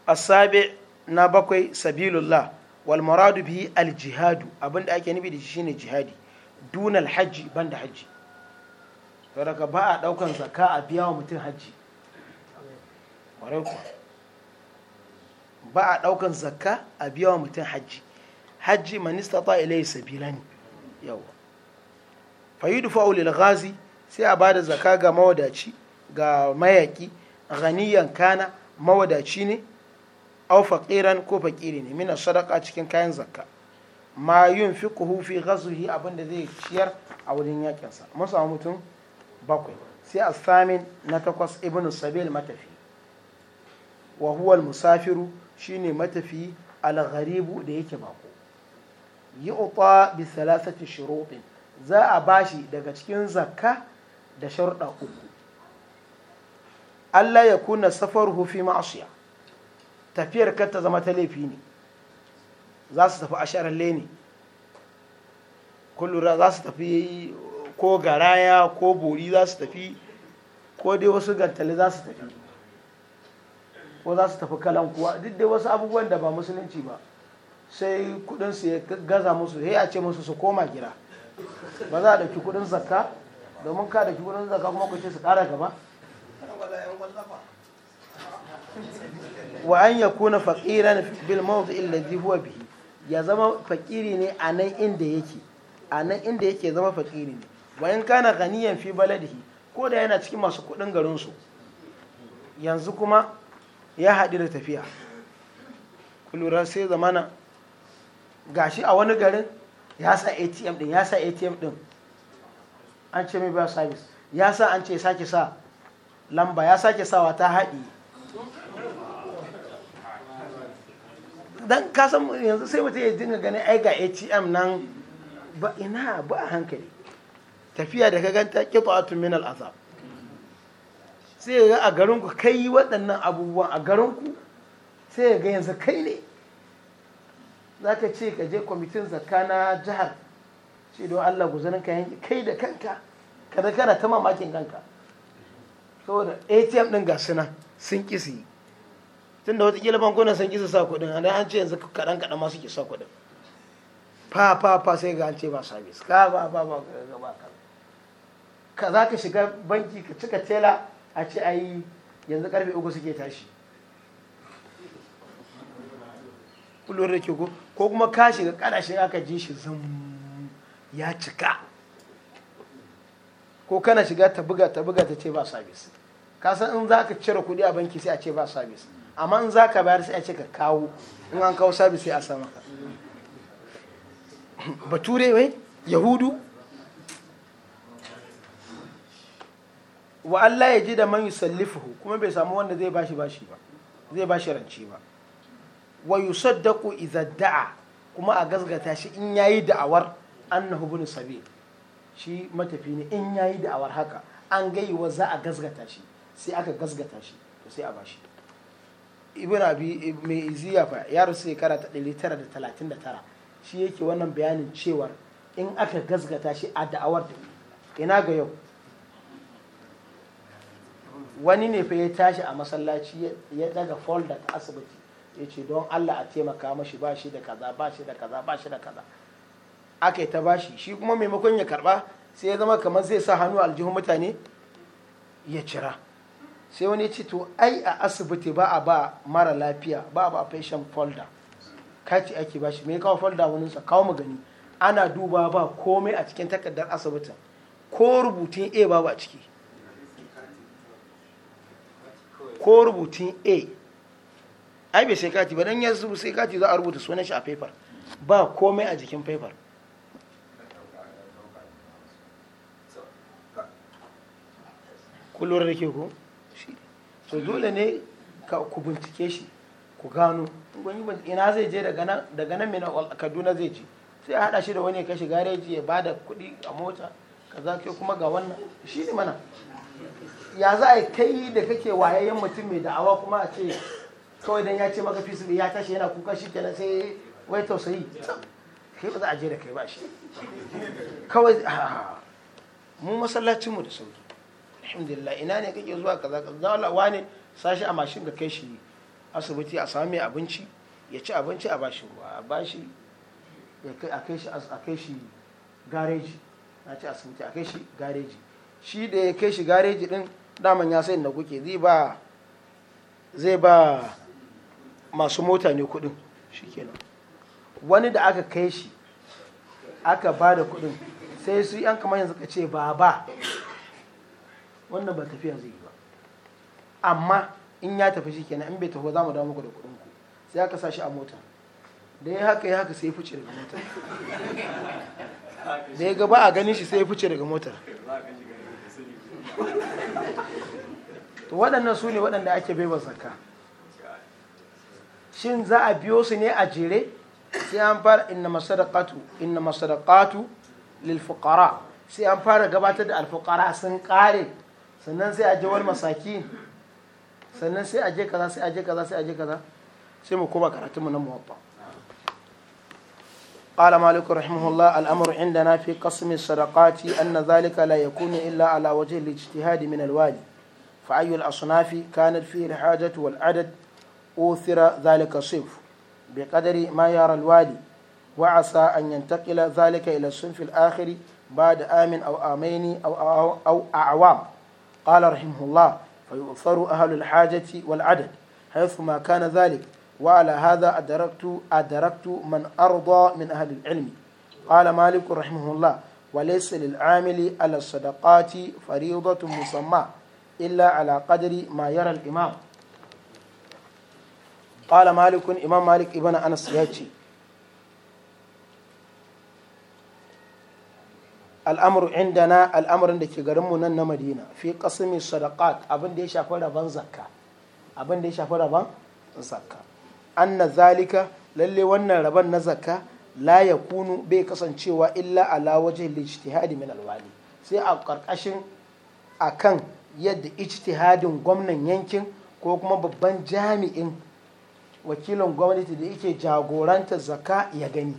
Speaker 1: asabe na bakwai sabilullah wal biyu bihi al jihadu abinda ake nufi da shi shine jihadi dunal hajji ban da hajji daga ba a daukan zakka a biya wa mutum hajji ba a daukan zakka a biya wa mutum hajji hajji manista ta ilai sabila ne yawa fayidu fa'ulil ghazi sai a bada zakka ga mawadaci ga mayaki ganiyan kana mawadaci ne au faqiran ko faƙiri ne mina sadaka cikin kayan zakka ma yun fi fi ghazwihi abinda zai ciyar a wajen yakinsa mun samu mutum bakwai sai a samin na takwas ibn sabil matafi wa huwa musafiru shine matafi al-gharibu da yake bako yi uta bi salasati shuruɗin za a bashi daga cikin zakka da sharuɗa uku Allah ya kuna safar hufi ma'asiya tafiyar kar ta zama ta laifi ne za su tafi asharar leni kullura za su tafi ko garaya ko bori za su tafi ko dai wasu gantali za su tafi ko za su tafi kalan kuwa duk dai wasu abubuwan da ba musulunci ba sai kudinsu ya gaza musu ya ce musu su koma gida ba za a ɗauki kudin zakka domin ka ɗauki kudin zakka kuma ku ce su ƙara gaba wa an yakuna faqiran bil mawdi alladhi huwa bihi ya zama fakiri ne a nan inda yake a nan inda yake zama fakiri ne wayan kana ganiyan fi baladihi ko da yana cikin masu kudin garinsu yanzu kuma ya haɗu da tafiya kulura sai zamana gashi a wani garin ya sa atm din ya sa atm din an ce mai ba service ya sa an ce sake sa lamba ya sake sawa ta haɗi dan kasan yanzu sai mutum ya dinga ganin ai ga atm nan ba ina ba a hankali tafiya da ka ganta qita'atun min al-azab sai ga a garin ku kai waɗannan abubuwan a garin ku sai ga yanzu kai ne zaka ce ka je kwamitin zakka na jihar ce don Allah guzanin ka yanki kai da kanka kada kana ta mamakin kanka saboda atm din ga sunan sun kisi tunda watakila bankuna sun kisa sa kuɗin a an ce yanzu kaɗan kaɗan masu ke sa kuɗin fa fa fa sai ga an ce ba sabis ka ba ba ba ga ba ka za ka shiga banki ka cika tela a ce ayi yanzu karfe uku suke tashi kullum da ke ko kuma ka shiga kada shi aka ji shi zan ya cika ko kana shiga ta buga ta buga ta ce ba sabis ka san in za ka cire kuɗi a banki sai a ce ba sabis amma in za ka bayar sai a ce ka kawo in an kawo sabis sai a sama ka bature wai yahudu wa Allah ya ji da man yusallifu kuma bai samu wanda zai bashi bashi ba zai bashi rance ba wa yusaddaqu idza da'a kuma a gasgata shi in yayi da'awar annahu bin sabil shi matafi ne in yayi da'awar haka an gaiwa za a gasgata shi sai aka gasgata shi to sai a bashi ibn abi mai ziyafa ya rasu shekara ta 939 shi yake wannan bayanin cewar in aka gasgata shi a da'awar da ina ga yau wani ne fa ya tashi a masallaci ya daga folda ta asibiti ya ce don allah a taimaka mashi ba shi da kaza ba shi da kaza ba shi da kaza aka yi ta bashi shi kuma maimakon ya karba sai ya zama kamar zai sa hannu aljihun mutane ya cira sai wani ce to ai a asibiti ba a ba mara lafiya ba a ba patient folder kati ake ba shi mai kawo folder wani sa kawo magani ana duba ba komai a cikin takardar asibitin ko rubutun a ba a ciki ko rubutun a ai bai sai kati ba dan yanzu sai kati za a rubuta sunan shi a paper ba komai a jikin paper kullum da ke ko so dole ne ka ku bincike shi ku gano ina zai je daga nan daga kaduna zai je sai a hada shi da wani ya kashi gareji ya bada kuɗi a mota kaza ke kuma ga wannan shi ne mana ya za a kai da kake wayayyen mutum mai da'awa kuma a ce kawai dan ya ce maka fi ya tashi yana kuka shi kenan sai wai tausayi kai ba za a je da kai ba shi kawai mu masallacin mu da sauki alhamdulillah ina ne kake zuwa kaza kaza wala wane sashi a mashin ka kai shi asibiti a sami abinci ya ci abinci a bashi ruwa a bashi a kai shi gareji na ci asibiti a kai shi gareji shi da ya kai shi gareji din daman ya sai da kuke zai ba zai ba masu mota ne kudin shikenan wani da aka kai shi aka ba da kudin sai su yan kamar yanzu ka ce ba ba wannan ba tafiya zai yi ba amma in ya tafi shi kenan in bai tafi za mu dawo muku da kuɗin ku sai aka sa a mota da ya haka ya haka sai ya fice daga motar
Speaker 2: da ya gaba a ganin shi sai ya fice daga mota
Speaker 1: to waɗannan su ne waɗanda ake baiwa zakka shin za a biyo su ne a jere sai an fara inna masadaqatu inna masadaqatu lil sai an fara gabatar da alfukara sun kare sannan sai a je wani masaki sannan sai a je kaza sai a je kaza sai a je kaza sai mu koma karatun mu na muwatta قال مالك رحمه الله الأمر عندنا في قسم الصدقات أن ذلك لا يكون إلا على وجه الاجتهاد من الوالي فأي الأصناف كانت فيه الحاجة والعدد أوثر ذلك الصنف بقدر ما يرى الوالي وعسى أن ينتقل ذلك إلى الصنف الآخر بعد آم أو آمين أو, أو, أو أعوام قال رحمه الله فيؤثر أهل الحاجة والعدد حيثما كان ذلك وعلى هذا أدركت أدركت من أرضى من أهل العلم قال مالك رحمه الله وليس للعامل على الصدقات فريضة مسمى إلا على قدر ما يرى الإمام قال مالك إمام مالك ابن أنس ياتي al'amur indana al’amurin da ke garinmu nan na madina fi kasumi sadaqat abin da ya shafi rabon zakka abin da ya shafi rabon zakka na zalika lalle wannan rabon na zakka la ya kunu bai kasancewa illa ala waje ijtihadi min alwali sai a karkashin kan yadda ijtihadin gwamnan yankin ko kuma babban jami'in wakilin gwamnati da yake jagoranta zakka ya gani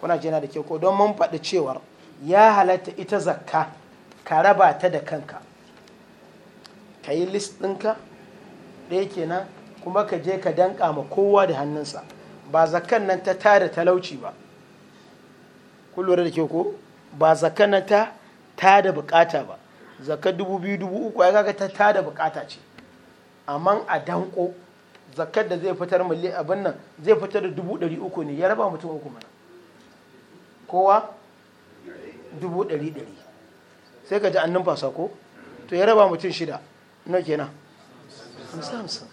Speaker 1: kuna jina da ke ko don mun faɗi cewar ya halatta ita zakka ka raba ta da kanka ka yi list ɗinka ɗaya kenan kuma ka je ka danƙa ma kowa da hannunsa ba zakkan nan ta tada talauci ba kullum da ke ko ba zakkan nan ta tada bukata ba zakka dubu biyu dubu uku ya kaga ta tada bukata ce amma a danko zakkar da zai fitar mulli abin nan zai fitar da dubu ɗari uku ne ya raba mutum uku mana kowa dubu ɗari ɗari sai ka ji an numfasa ko to ya raba mutum shida na nan hamsin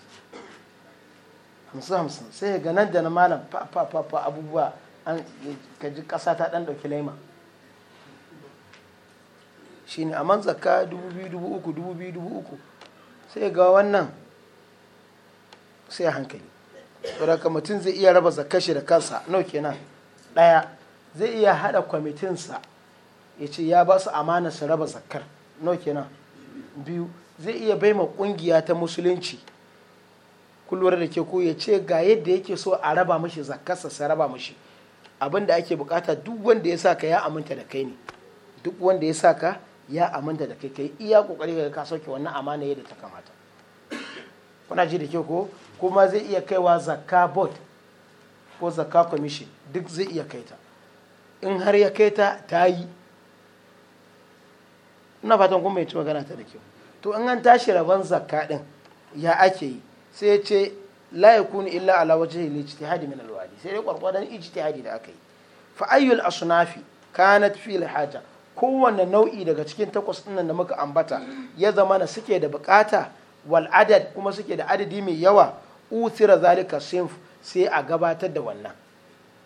Speaker 1: hamsin sai ga nan da na malam fa abubuwa an ka ji ƙasa ta ɗan ɗauki laima shi ne a man zaka dubu biyu dubu uku dubu biyu dubu uku sai ga wannan sai hankali saboda mutum zai iya raba zakashi da kansa nau nan ɗaya zai iya haɗa kwamitinsa ya ce ya ba su amana su raba zakar nawa kenan biyu zai iya ma kungiya ta musulunci kulwar da ke ko ya ce ga yadda yake so a raba mashi zakarsa su raba mashi abinda ake bukata duk wanda ya saka ya aminta da kai ne duk wanda ya saka ya aminta da kai kai iya kokari ga ka sauke wannan amana yadda ta kamata kuna ji da ke ko kuma zai iya kaiwa zakka board ko zakka commission duk zai iya kaita in har ya kaita ta yi ina fatan kuma ya ci magana ta da kyau to in an tashi rabon zakka din ya ake yi sai ya ce la yakunu illa ala wajhi al-ijtihadi min al sai dai kwarkwadan ijtihadi da aka yi fa ayyul asnafi kanat fi al kowanne nau'i daga cikin takwas ɗinnan da muka ambata ya zama na suke da bukata wal adad kuma suke da adadi mai yawa utira zalika sinf sai a gabatar da wannan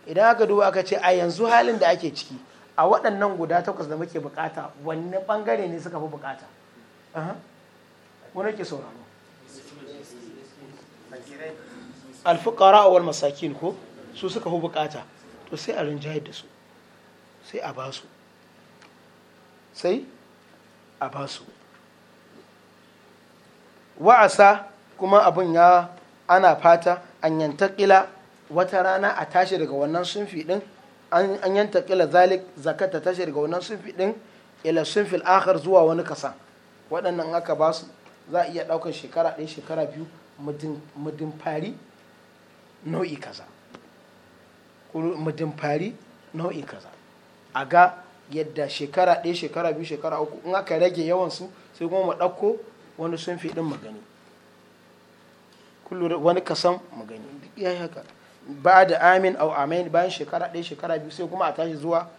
Speaker 1: idan aka duba aka ce a yanzu halin da ake ciki a waɗannan guda takwas da muke bukata wanne bangare ne suka fi bukata wani ke sauraro alfukara wal masakin ko su suka fi bukata to sai a rinjayar da su sai a basu sai a basu wa'asa kuma abin ya ana fata an yantakila wata rana a tashi daga wannan sunfi din an yanta kila zalik zakata ta shirga wannan sunfi din ila sunfil akhar zuwa wani kasa waɗannan aka ba su za a iya ɗaukar shekara ɗaya shekara biyu mudin fari nau'i kaza mudin fari nau'i kaza a ga yadda shekara ɗaya shekara biyu shekara uku in aka rage yawansu sai kuma mu ɗauko wani sunfi ɗin magani wani kasan magani duk ya haka ba da amin au amin bayan shekara ɗaya shekara biyu sai kuma a tashi zuwa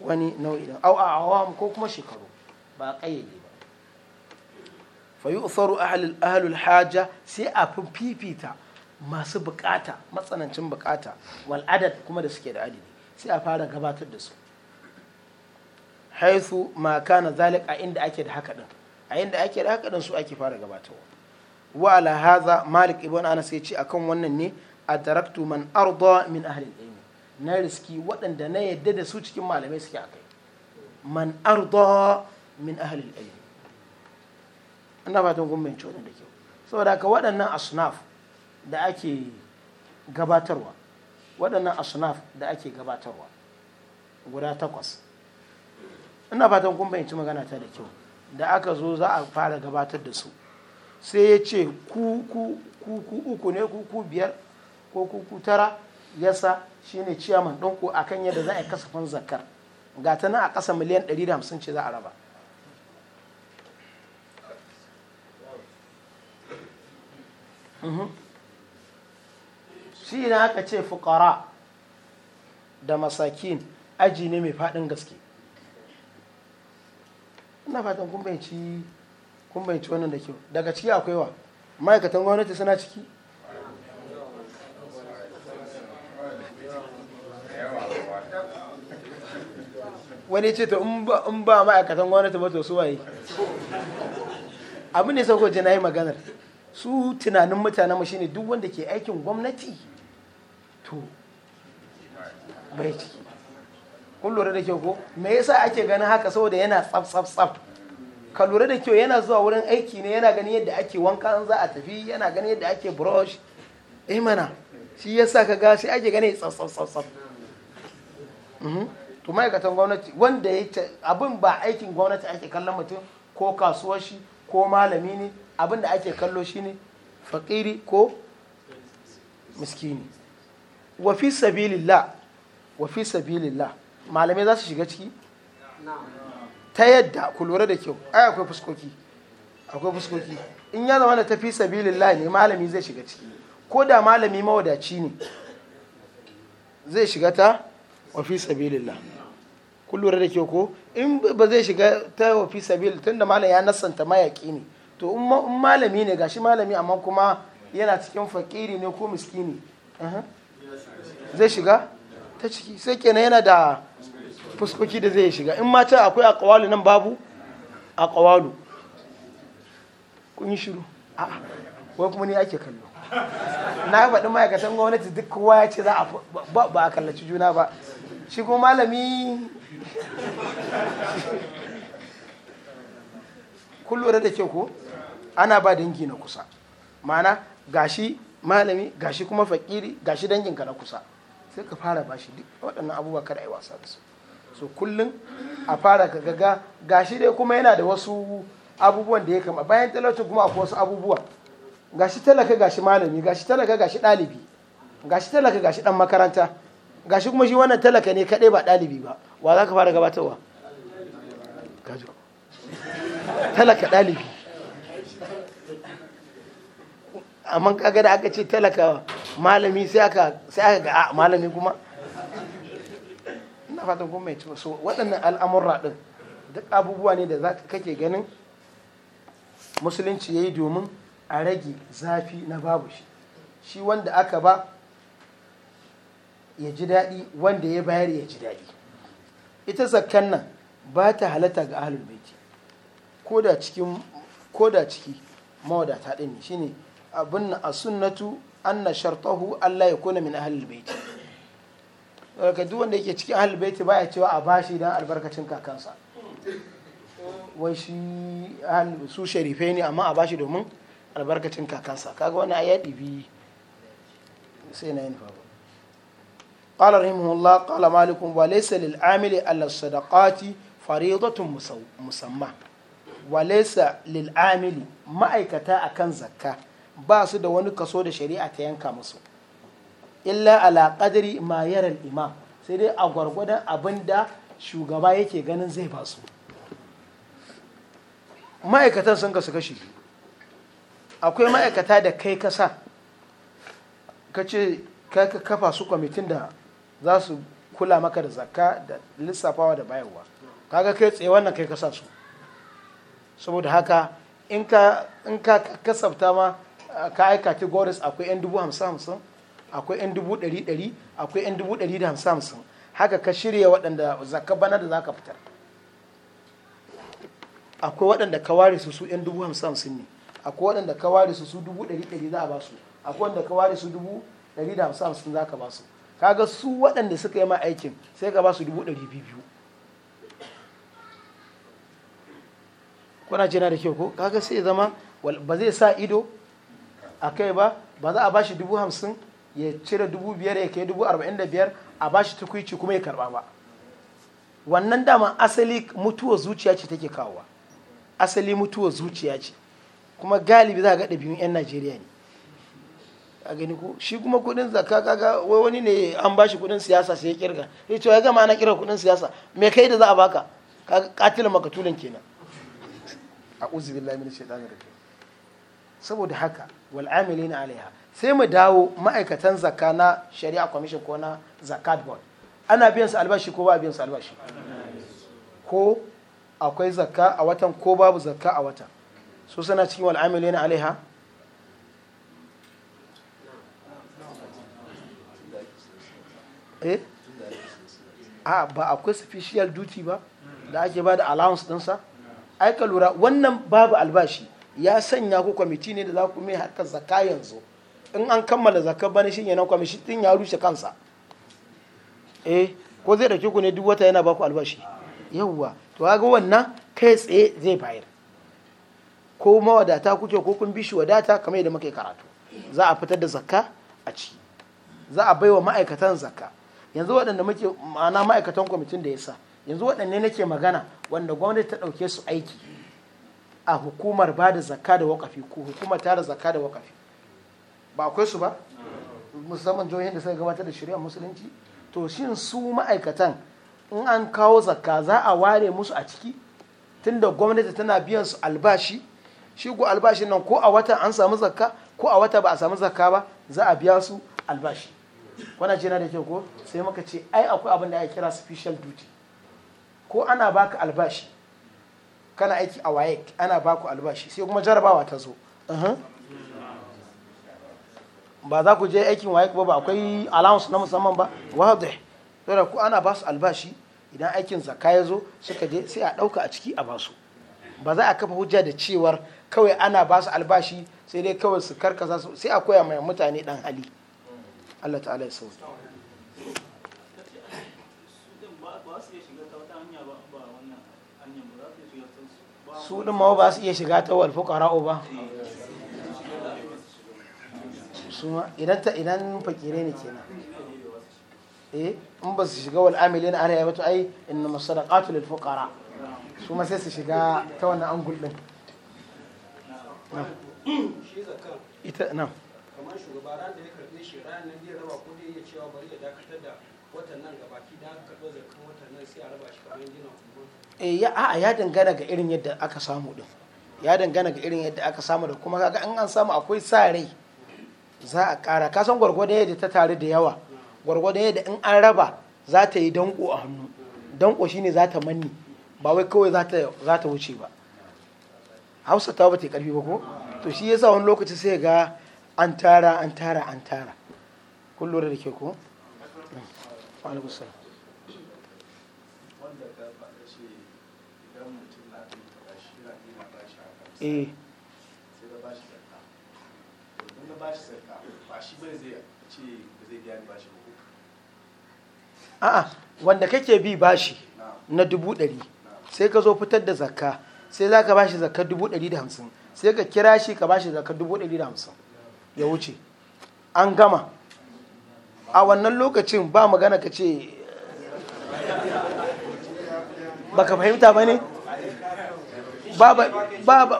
Speaker 1: wani nau'i ɗin au awam ko kuma shekaru ba ƙayyade ba fa yi usaru ahalul haja sai a fifita masu bukata matsanancin bukata wal adad kuma da suke da adadi sai a fara gabatar da su haifu ma kana zalik a inda ake da haka din a inda ake da haka din su ake fara gabatarwa wa ala malik ibn anas ya ce akan wannan ne adaraktu man arda min ahli al-ilm na riski waɗanda na yadda da su cikin malamai suke akai man arda min ahli al-ilm ina fatan kun mai cewa da kyau saboda ka waɗannan asnaf da ake gabatarwa waɗannan asnaf da ake gabatarwa guda takwas ina fatan kun fahimci magana ta da kyau da aka zo za a fara gabatar da su sai ya ce ku ku ku uku ne ku ku biyar ko kuku tara yasa shine ciyaman ɗinku a kan yadda za a yi kasafin zakar ga ta nan a ƙasa miliyan 150 ce za a raba mhm. shi na aka ce fukara da masakin aji ne mai faɗin gaske ina fatan kun bayanci wannan da kyau daga ciki akwai wa ma'aikatan gwamnati suna ciki wani ce to in ba ma'aikatan gwamnati ba to su waye abu ne sauko na yi maganar su tunanin mu shine duk wanda ke aikin gwamnati to bai ciki kun lura da kyau ko me yasa ake ganin haka saboda yana tsaf tsaf tsaf ka lura da kyau yana zuwa wurin aiki ne yana ganin yadda ake wanka za a tafi yana ganin yadda ake brush eh mana shi yasa ka ga sai ake ganin tsaf tsaf tsaf tsaf mhm. to ma'aikatan gwamnati wanda ya ce abin ba aikin gwamnati ake kallon mutum ko kasuwar shi ko malami ne abin da ake kallo shi ne faƙiri ko miskini wa fi sabilillah wa fi sabilillah malamai za su shiga ciki ta yadda ku lura da kyau ai akwai fuskoki akwai fuskoki in ya zama da ta fi sabilillah ne malami zai shiga ciki ko da malami mawadaci ne zai shiga ta wa fi sabilillah kun lura da ke ko in ba zai shiga ta wa fi sabil tunda malam ya nasanta mayaƙi ne to in malami ne gashi malami amma kuma yana cikin fakiri ne ko miskini zai shiga ta ciki sai kenan yana da fuskoki da zai shiga in mata akwai akawalu nan babu akawalu kun yi shiru a wai kuma ni ake kallo na faɗi ma'aikatan gwamnati duk kowa ya ce za a ba a kallaci juna ba shi kuma malami kun lura da ke ko ana ba dangi na kusa ma'ana gashi malami gashi kuma fakiri gashi danginka na kusa sai ka fara bashi duk waɗannan abubuwa kada yi wasa da su so kullum a fara ka gaga gashi dai kuma yana da wasu abubuwan da ya kama bayan talauci kuma akwai wasu abubuwa gashi talaka gashi malami gashi talaka gashi ɗalibi gashi talaka gashi ɗan makaranta gashi kuma shi wannan talaka ne kadai ba dalibi ba wa za ka fara gabatarwa talaka dalibi amma kaga da aka ce talaka malami sai aka ga a malami kuma ina fatan kuma mai ci so waɗannan al'amurra ɗin duk abubuwa ne da za kake ganin musulunci ya yi domin a rage zafi na babu shi shi wanda aka ba ya ji daɗi wanda ya bayar ya ji daɗi ita zakkan nan ba ta halatta ga ahlul baiti ko da ko da ciki mawadata ɗin ne shine abin a sunnatu na shartahu Allah ya kona min ahlul baiti daga duk wanda yake cikin ahlul baiti ya cewa a bashi don albarkacin kakansa wai shi su sharifai ne amma a bashi domin albarkacin kakansa kaga wani ayyadi biyu sai na yin faru قال رحمه الله قال مالك وليس للعامل على الصدقات فريضة مسمى وليس للعامل ما da wani kaso da shari'a ta yanka musu illa ala qadri ma imam sai dai a gwargwadon abin da shugaba yake ganin zai ba su ma'aikatan sun kasu kashi akwai ma'aikata da kai kasa ka ka kafa su kwamitin da za su kula maka da zakka da lissafawa da bayarwa kaga kai tsaye wannan kai kasa su saboda haka in ka kasafta ma ka aika goris akwai 'yan dubu hamsin hamsin akwai 'yan dubu ɗari ɗari akwai 'yan dubu ɗari da hamsin hamsin haka ka shirya waɗanda zakka bana da za ka fitar akwai waɗanda ka ware su su 'yan dubu hamsin hamsin ne akwai waɗanda ka ware su su dubu ɗari ɗari za a ba su akwai waɗanda ka ware su dubu ɗari da hamsin hamsin za ka ba su kaga su waɗanda suka yi ma aikin sai ka ba su dubu ɗari biyu kuna jina da kyau ko kaga sai zama ba zai sa ido a kai ba ba za a ba shi dubu hamsin ya cire dubu biyar ya kai dubu arba'in da biyar a ba shi tukuici kuma ya karɓa ba wannan dama asali mutuwa zuciya ce take kawowa asali mutuwa zuciya ce kuma galibi za a ga ɗabi'un 'yan najeriya ne a gani ko shi kuma kudin zakka kaga wai wani ne an bashi kudin siyasa sai ya kirga sai to ya gama ana kira kudin siyasa me kai da za a baka kaga katilin makatulin kenan uzu billahi min shaitanir rajim saboda haka wal amilina alaiha sai mu dawo ma'aikatan zakka na shari'a commission ko na zakat board ana biyan su albashi ko ba biyan su albashi ko akwai zakka a watan ko babu zakka a watan su suna cikin wal amilina alaiha eh a ba akwai special duty ba da ake ba da allowance dinsa ai ka lura wannan babu albashi ya sanya ku kwamiti ne da za ku mai harkar zaka yanzu in an kammala zakar bani shi yana kwamishi din ya rushe kansa eh ko zai dauke ku ne duk wata yana baku albashi yawwa to ga wannan kai tsaye zai bayar ko mawadata kuke ko kun bishi wadata kamar yadda muke karatu za a fitar da zakka a ci za a baiwa ma'aikatan zakka yanzu waɗanda muke ma'ana ma'aikatan kwamitin da ya sa yanzu waɗanne nake magana wanda gwamnati ta ɗauke su aiki a hukumar ba da zakka da wakafi ko hukumar tara zakka da wakafi ba akwai su ba musamman jihohin da suka gabatar da shari'a musulunci to shin su ma'aikatan in an kawo zakka za a ware musu a ciki tunda gwamnati tana biyan su albashi shi ko albashin nan ko a wata an samu zakka ko a wata ba a samu zakka ba za a biya su albashi kwana jina da kyau ko sai muka ce ai akwai abin da ake kira special duty ko ana baka albashi kana aiki a waye ana baku albashi sai kuma jarabawa ta zo ba za ku je aikin waye ba ba akwai allowance na musamman ba wadda dole ku ana ba su albashi idan aikin zakka ya zo suka je sai a ɗauka a ciki a ba su ba za a kafa hujja da cewar kawai ana ba su albashi sai dai kawai su karkasa su sai a koya mai mutane dan hali Allah ta'ala ya sauwa.
Speaker 2: su ɗin ma ba su iya shiga ta
Speaker 1: wal fuqara'u ba ma, idan ta idan fakire ne kenan eh in ba su shiga wal amilin ana yi wato ai in inna masadaqatu lil fuqara su ma sai su shiga ta wannan angul din ita na. kamar shugaba ran da ya zai shi ranar zai raba ko dai ya cewa bari ya dakatar da watan nan gabaki da aka karɓo zakan watan nan sai a raba shi kamar gina eh ya a'a ya dangana ga irin yadda aka samu din ya dangana ga irin yadda aka samu da kuma kaga in an samu akwai sa rai za a ƙara ka san gwargwadon yadda ta taru da yawa gwargwadon yadda in an raba za ta yi danko a hannu danko shine za ta manni ba wai kawai za ta wuce ba hausa ta ba ta karfi ba ko to shi yasa wani lokaci sai ga an tara an tara an tara kun da ke ko? Mm. Eh. a'a wanda kake bi bashi na dubu ɗari sai ka zo fitar da zakka sai za ka bashi zakka dubu ɗari da hamsin sai ka kira shi ka bashi zakka dubu ɗari da hamsin ya wuce an gama a wannan lokacin ba magana ka ce ba ka fahimta ba ne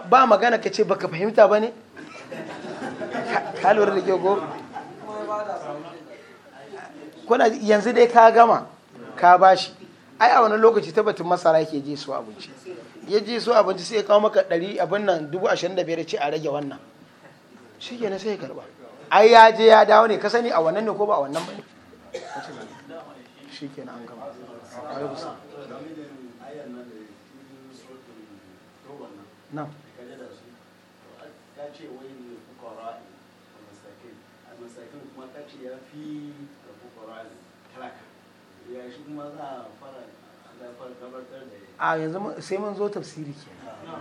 Speaker 1: ba magana ka ce ba ka fahimta ba ne kalwar da ke go kuna yanzu dai ka gama ka bashi ai a wannan lokaci tabbatin masara ke je su abinci ya je su abinci sai ya kawo maka 100 abin nan 25,000 ce a rage wannan shi ke sai ya karba ai ya je ya dawo ne ka sani a wannan ne ko ba a wannan ba ne shi kenan an gama na a yanzu sai mun zo tafsiri ke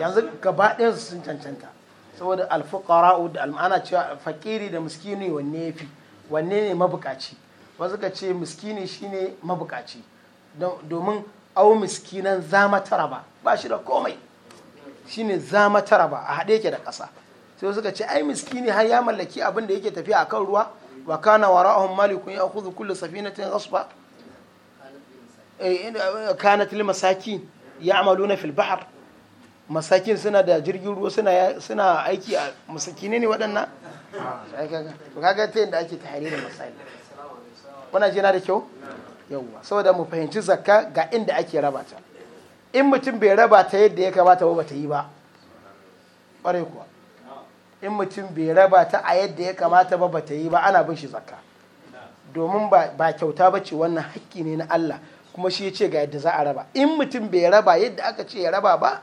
Speaker 1: yanzu gaba ɗaya sun cancanta saboda alfuqara'u da ana cewa fakiri da miskini wanne fi wanne ne mabukaci wasu ka ce miskini shine mabukaci domin au miskinan zama tara ba ba shi da komai shine zama tara ba a haɗe yake da ƙasa sai suka ce ai miskini har ya mallaki abin da yake tafiya akan ruwa wa kana wara'ahum malikun ya'khudhu kullu safinatin ghasba eh, eh, kanat lil masakin ya'maluna fil bahr masakin suna da jirgin ruwa suna aiki a masaki ne waɗannan ah, kaga ta yadda ake da masali wannan jina da kyau yawwa saboda mu fahimci zakka ga inda ake raba ta in mutum bai raba ta yadda ya kamata ba ta yi ba ƙwarai kuwa in mutum bai raba ta a yadda ya kamata ba ba ta yi ba ana bin shi zakka domin ba kyauta ba ce wannan haƙƙi ne na Allah kuma shi ya ce ga yadda za a raba in mutum bai raba yadda aka ce ya raba ba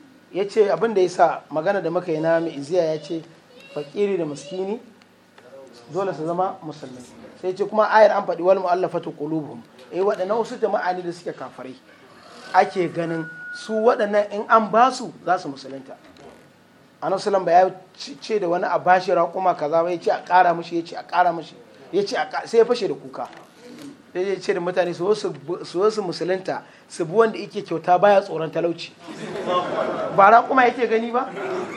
Speaker 1: ya ce abin da ya sa magana da muka yi na mai iziya ya ce fakiri da muskini dole su zama musulmi sai ce kuma ayar an faɗi wal mu'allafatu qulubuhum eh waɗannan wasu jama'a ne da suke kafarai ake ganin su waɗannan in an ba su za su musulunta annabi sallallahu ba ya ce da wani a bashi raƙuma kaza ya ce a ƙara mushi ya ce a ƙara mushi ya ce sai ya fashe da kuka sai ya ce da mutane su wasu musulunta su bi wanda yake kyauta baya tsoron talauci ba raƙuma yake gani ba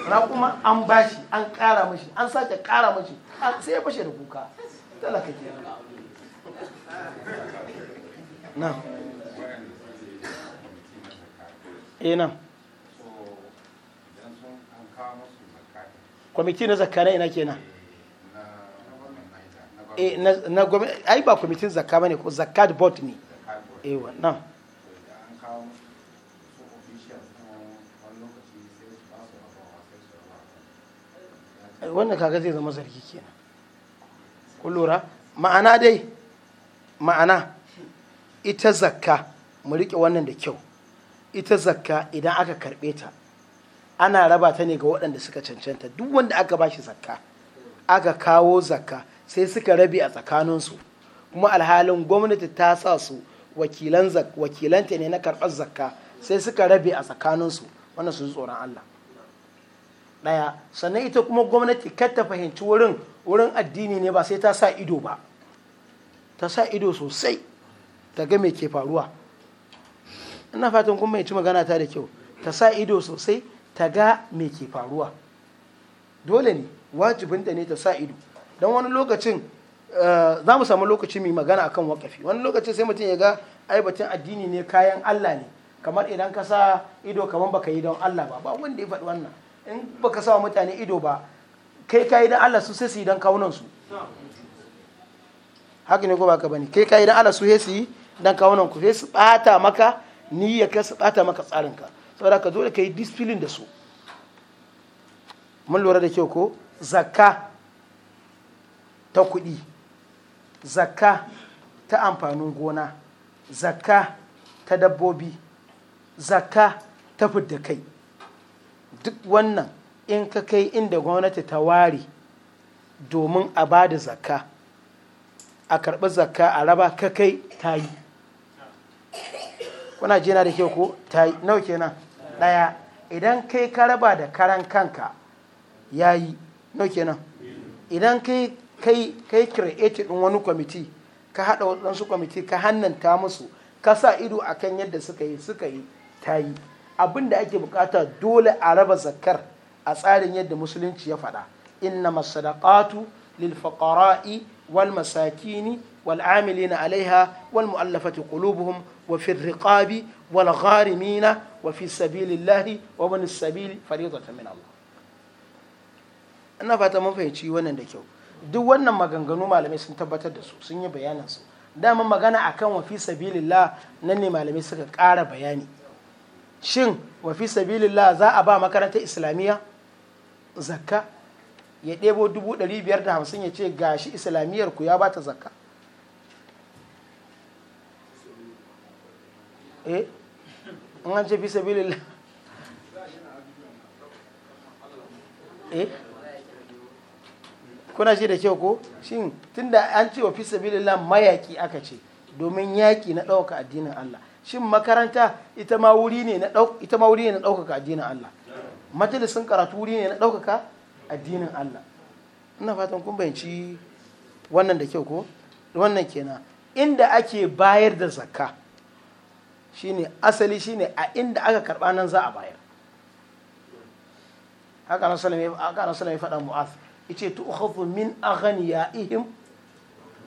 Speaker 1: raƙuma an bashi an ƙara mashi an sake ƙara mashi sai ya fashe da kuka talaka ke na eh na kwamiti na zakka na ina kenan Eh, na gwamnati ai ba kwamitin zakka bane ko zakat board ne eh na wannan kaga zai zama zargi kenan ku lura ma'ana dai ma'ana ita zakka mu riƙe wannan da kyau ita zakka idan aka karɓe ta ana raba ta ne ga waɗanda suka cancanta duk wanda aka ba shi zakka aka kawo zakka sai suka rabi a tsakaninsu kuma alhalin gwamnati ta sa su wakilanta ne na karɓar zakka sai suka rabi a tsakaninsu wannan su tsoron Allah ɗaya sannan ita kuma gwamnati kar ta fahimci wurin wurin addini ne ba sai ta sa ido ba ta sa ido sosai ta ga me ke faruwa ina fatan kuma yaci ci magana ta da kyau ta sa ido sosai ta ga me ke faruwa dole ne wajibinta ne ta sa ido don wani lokacin eh, za mu samu lokaci mai magana akan wakafi wani lokacin sai mutum ya ga aibatin addini ne kayan Allah ne kamar idan ka sa ido kamar baka yi don Allah ba ba wanda ya faɗi wannan in baka sa wa mutane ido ba kai ka yi don Allah su sai su yi don kawunansu su haka ne ko baka bane kai ka yi don Allah su sai su yi don kawunan ku sai su bata maka niyya ka su bata maka tsarin ka saboda ka ka yi discipline da su mun lura da kyau ko zakka ta kuɗi zakka ta amfanin gona zakka ta dabbobi zakka ta fidda kai duk wannan in ka kai inda gwamnati ta ware domin a ba da zakka a karɓi zakka a raba ka kai ta yi kuna jina da ke ko ta yi nau kenan ɗaya idan kai ka raba da karan kanka ya yi nau kenan idan kai kai kai create din wani kwamiti ka haɗa waɗansu kwamiti ka hannanta musu ka sa ido akan yadda suka yi suka yi ta yi abin da ake bukata dole a raba zakar a tsarin yadda musulunci ya faɗa inna masadaqatu lil faqara'i wal masakini wal amilina alaiha wal mu'allafati qulubuhum wa fi riqabi wal gharimina wa fi sabilillahi wa bani sabili fariidatan min Allah ina fata mun fahimci wannan da kyau duk wannan maganganu malamai sun tabbatar da su sun yi bayanin su dama magana akan wafi sabilillah nan ne malamai suka kara bayani shin wafi sabilillah za a ba makarantar islamiyya zakka ya ɗebo 550 ya ce gashi islamiyyar ku ya ba ta zakka eh an ce fi sabilillah eh kuna shi da kyau ko shin tunda an ce wa fi sabilillah mayaki aka ce domin yaki na ɗaukaka addinin Allah shin makaranta ita ma wuri ne na ita ma wuri ne na ɗaukaka addinin Allah majalisin karatu wuri ne na ɗaukaka addinin Allah ina fatan kun bayanci wannan da kyau ko wannan kenan inda ake bayar da zakka shine asali shine a inda aka karba nan za a bayar haka nan salama ya faɗa mu'az ice tu'khafu min aghniyaihim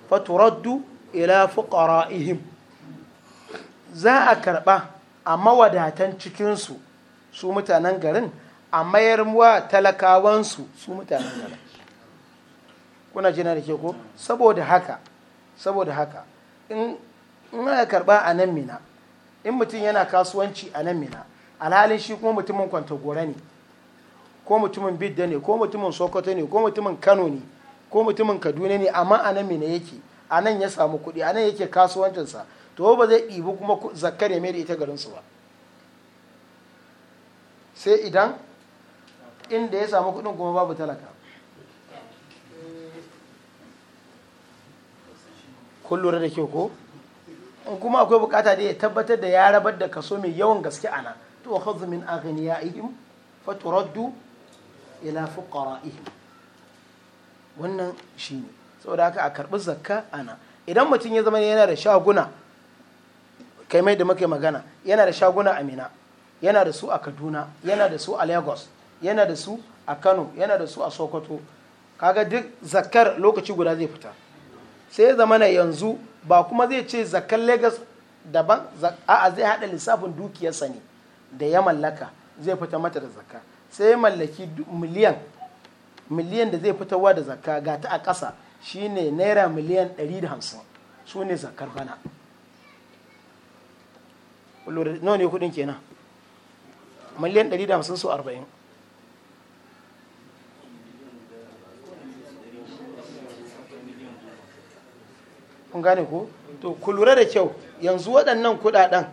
Speaker 1: faturaddu ila fuqara'ihim za a karba a mawadatan cikinsu su mutanen garin a mayar wa talakawansu su mutanen garin kuna jina da ke ko saboda haka saboda haka in ya karba a nan mina in mutum yana kasuwanci a nan mina alhalin shi kuma mutumin kwanta gora ne ko mutumin bidda ne ko mutumin sokoto ne ko mutumin kano ne ko mutumin kaduna ne amma a nan mina yake a nan ya samu kuɗi a nan yake kasuwancinsa to ba zai ɗibi kuma zakkar ya mai da ita garinsu ba sai idan inda ya samu kuɗin kuma babu talaka kun da kyau ko in kuma akwai bukata da ya tabbatar da ya rabar da kaso mai yawan gaske ana to min aghniya'ihim turaddu ila fuqara'ihim wannan shine saboda haka a karɓi zakka ana idan mutum ya zama yana da shaguna kai mai da muke magana yana da shaguna a Mina yana da su a Kaduna yana da su a Lagos yana da su a Kano yana da su a Sokoto kaga duk zakkar lokaci guda zai fita sai ya zama na yanzu ba kuma zai ce zakkar Lagos daban a'a zai haɗa lissafin dukiyarsa ne da ya mallaka zai fita mata da zakka sai mallaki miliyan miliyan da zai fitowa da zakka ga ta a ƙasa shine naira miliyan 150 su ne zakar bana nawa ne kudin kenan miliyan 150 su 40 kun gane ku to ku lura da kyau yanzu waɗannan kudaden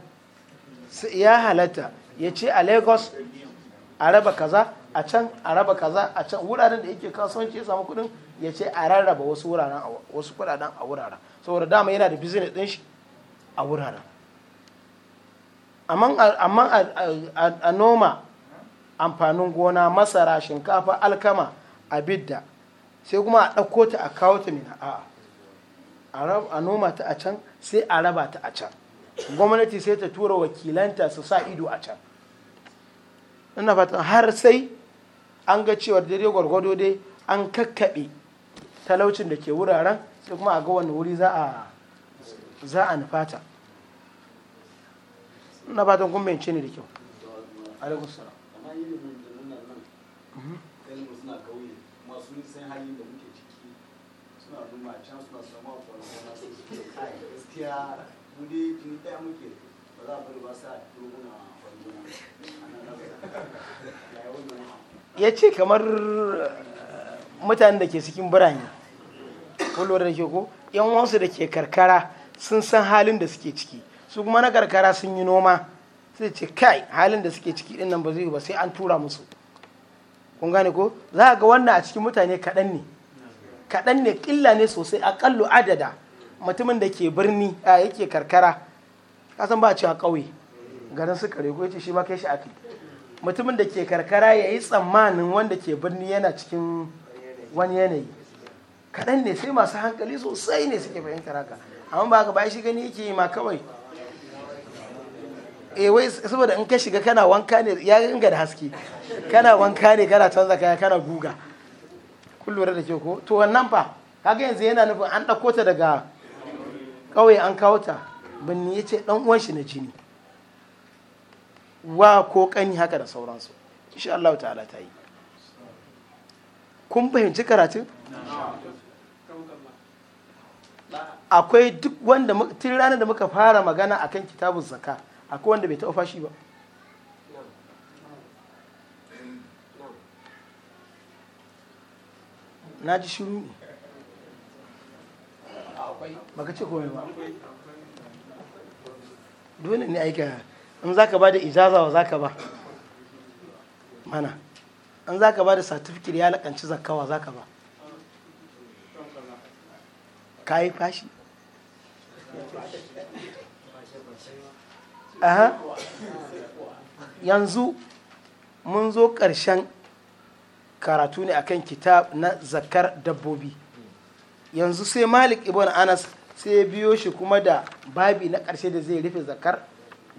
Speaker 1: ya halatta ya ce a lagos a raba kaza a can a raba kaza a can wuraren da yake kasuwanci ya samu kudin ya ce a rarraba wasu wuraren wasu kudaden a wuraren saboda dama yana da business din shi a wuraren amma a noma amfanin gona masara shinkafa alkama a bidda sai kuma a ɗauko ta a kawo ta mina a noma ta a can sai a raba ta a can gwamnati sai ta tura wakilanta su sa ido a can ina fatan har sai an ga cewar daidai gwargwado dai an kakkaɓe talaucin da ke wuraren sai kuma a ga wani wuri za a nufata ina fatan kuma bayyance ne da kyau ba za a bari ba sa ya ce kamar eh, mutanen da ke cikin birane kullum da ke ko yan wasu da ke karkara sun san halin da suke ciki su kuma na karkara sun yi noma sai ce kai halin da suke ciki din nan ba zai ba sai an tura musu kun gane ko za ga wannan a cikin mutane kaɗan ne kaɗan ne ƙilla ne sosai aƙallu adada mutumin da ke birni a eh, yake karkara kasan ba a cewa ƙauye garin su kare ko ya ce shi ma kai shi aka mutumin da ke karkara ya yi tsammanin wanda ke birni yana cikin wani yanayi kaɗan ne sai masu hankali sosai ne suke fahimtar haka amma ba ka ba shi gani yake yi ma kawai e wai saboda in ka shiga kana wanka ne ya inga da haske kana wanka ne kana canza kaya kana guga kun da ke ko to wannan fa kaga yanzu yana nufin an ɗauko ta daga ƙauye an kawo ta binni ya ce ɗan uwan shi na jini wa ko kani haka da sauransu insha Allah ta'ala ta yi kun fahimci karatu akwai duk wanda tun ranar da muka fara magana akan kitabun zaka akwai wanda bai taɓa fashi ba na ji shiru ne baka ce komai ba dole ne aika in za ka ba da ijaza wa za ka ba mana in za ka ba da satifikir ya lakanci zakawa za ka ba ka yi fashi aha yanzu mun zo ƙarshen karatu ne akan kitab na zakar dabbobi yanzu sai malik ibn anas sai biyo shi kuma da babi na ƙarshe da zai rufe zakar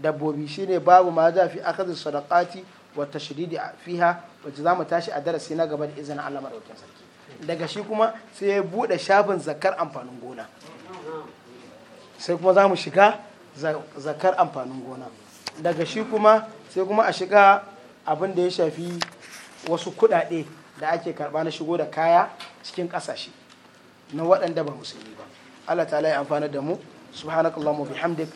Speaker 1: dabbobi shine babu ma za fi akhdhi sadaqati wa tashdidi fiha wacce za mu tashi a darasi na gaba da izinin Allah sarki daga shi kuma sai ya bude shafin zakar amfanin gona sai kuma za mu shiga zakar amfanin gona daga shi kuma sai kuma a shiga abin da ya shafi wasu kuɗaɗe da ake karba na shigo da kaya cikin kasashe na waɗanda ba musulmi ba Allah ta ya amfana da mu subhanakallahumma bihamdika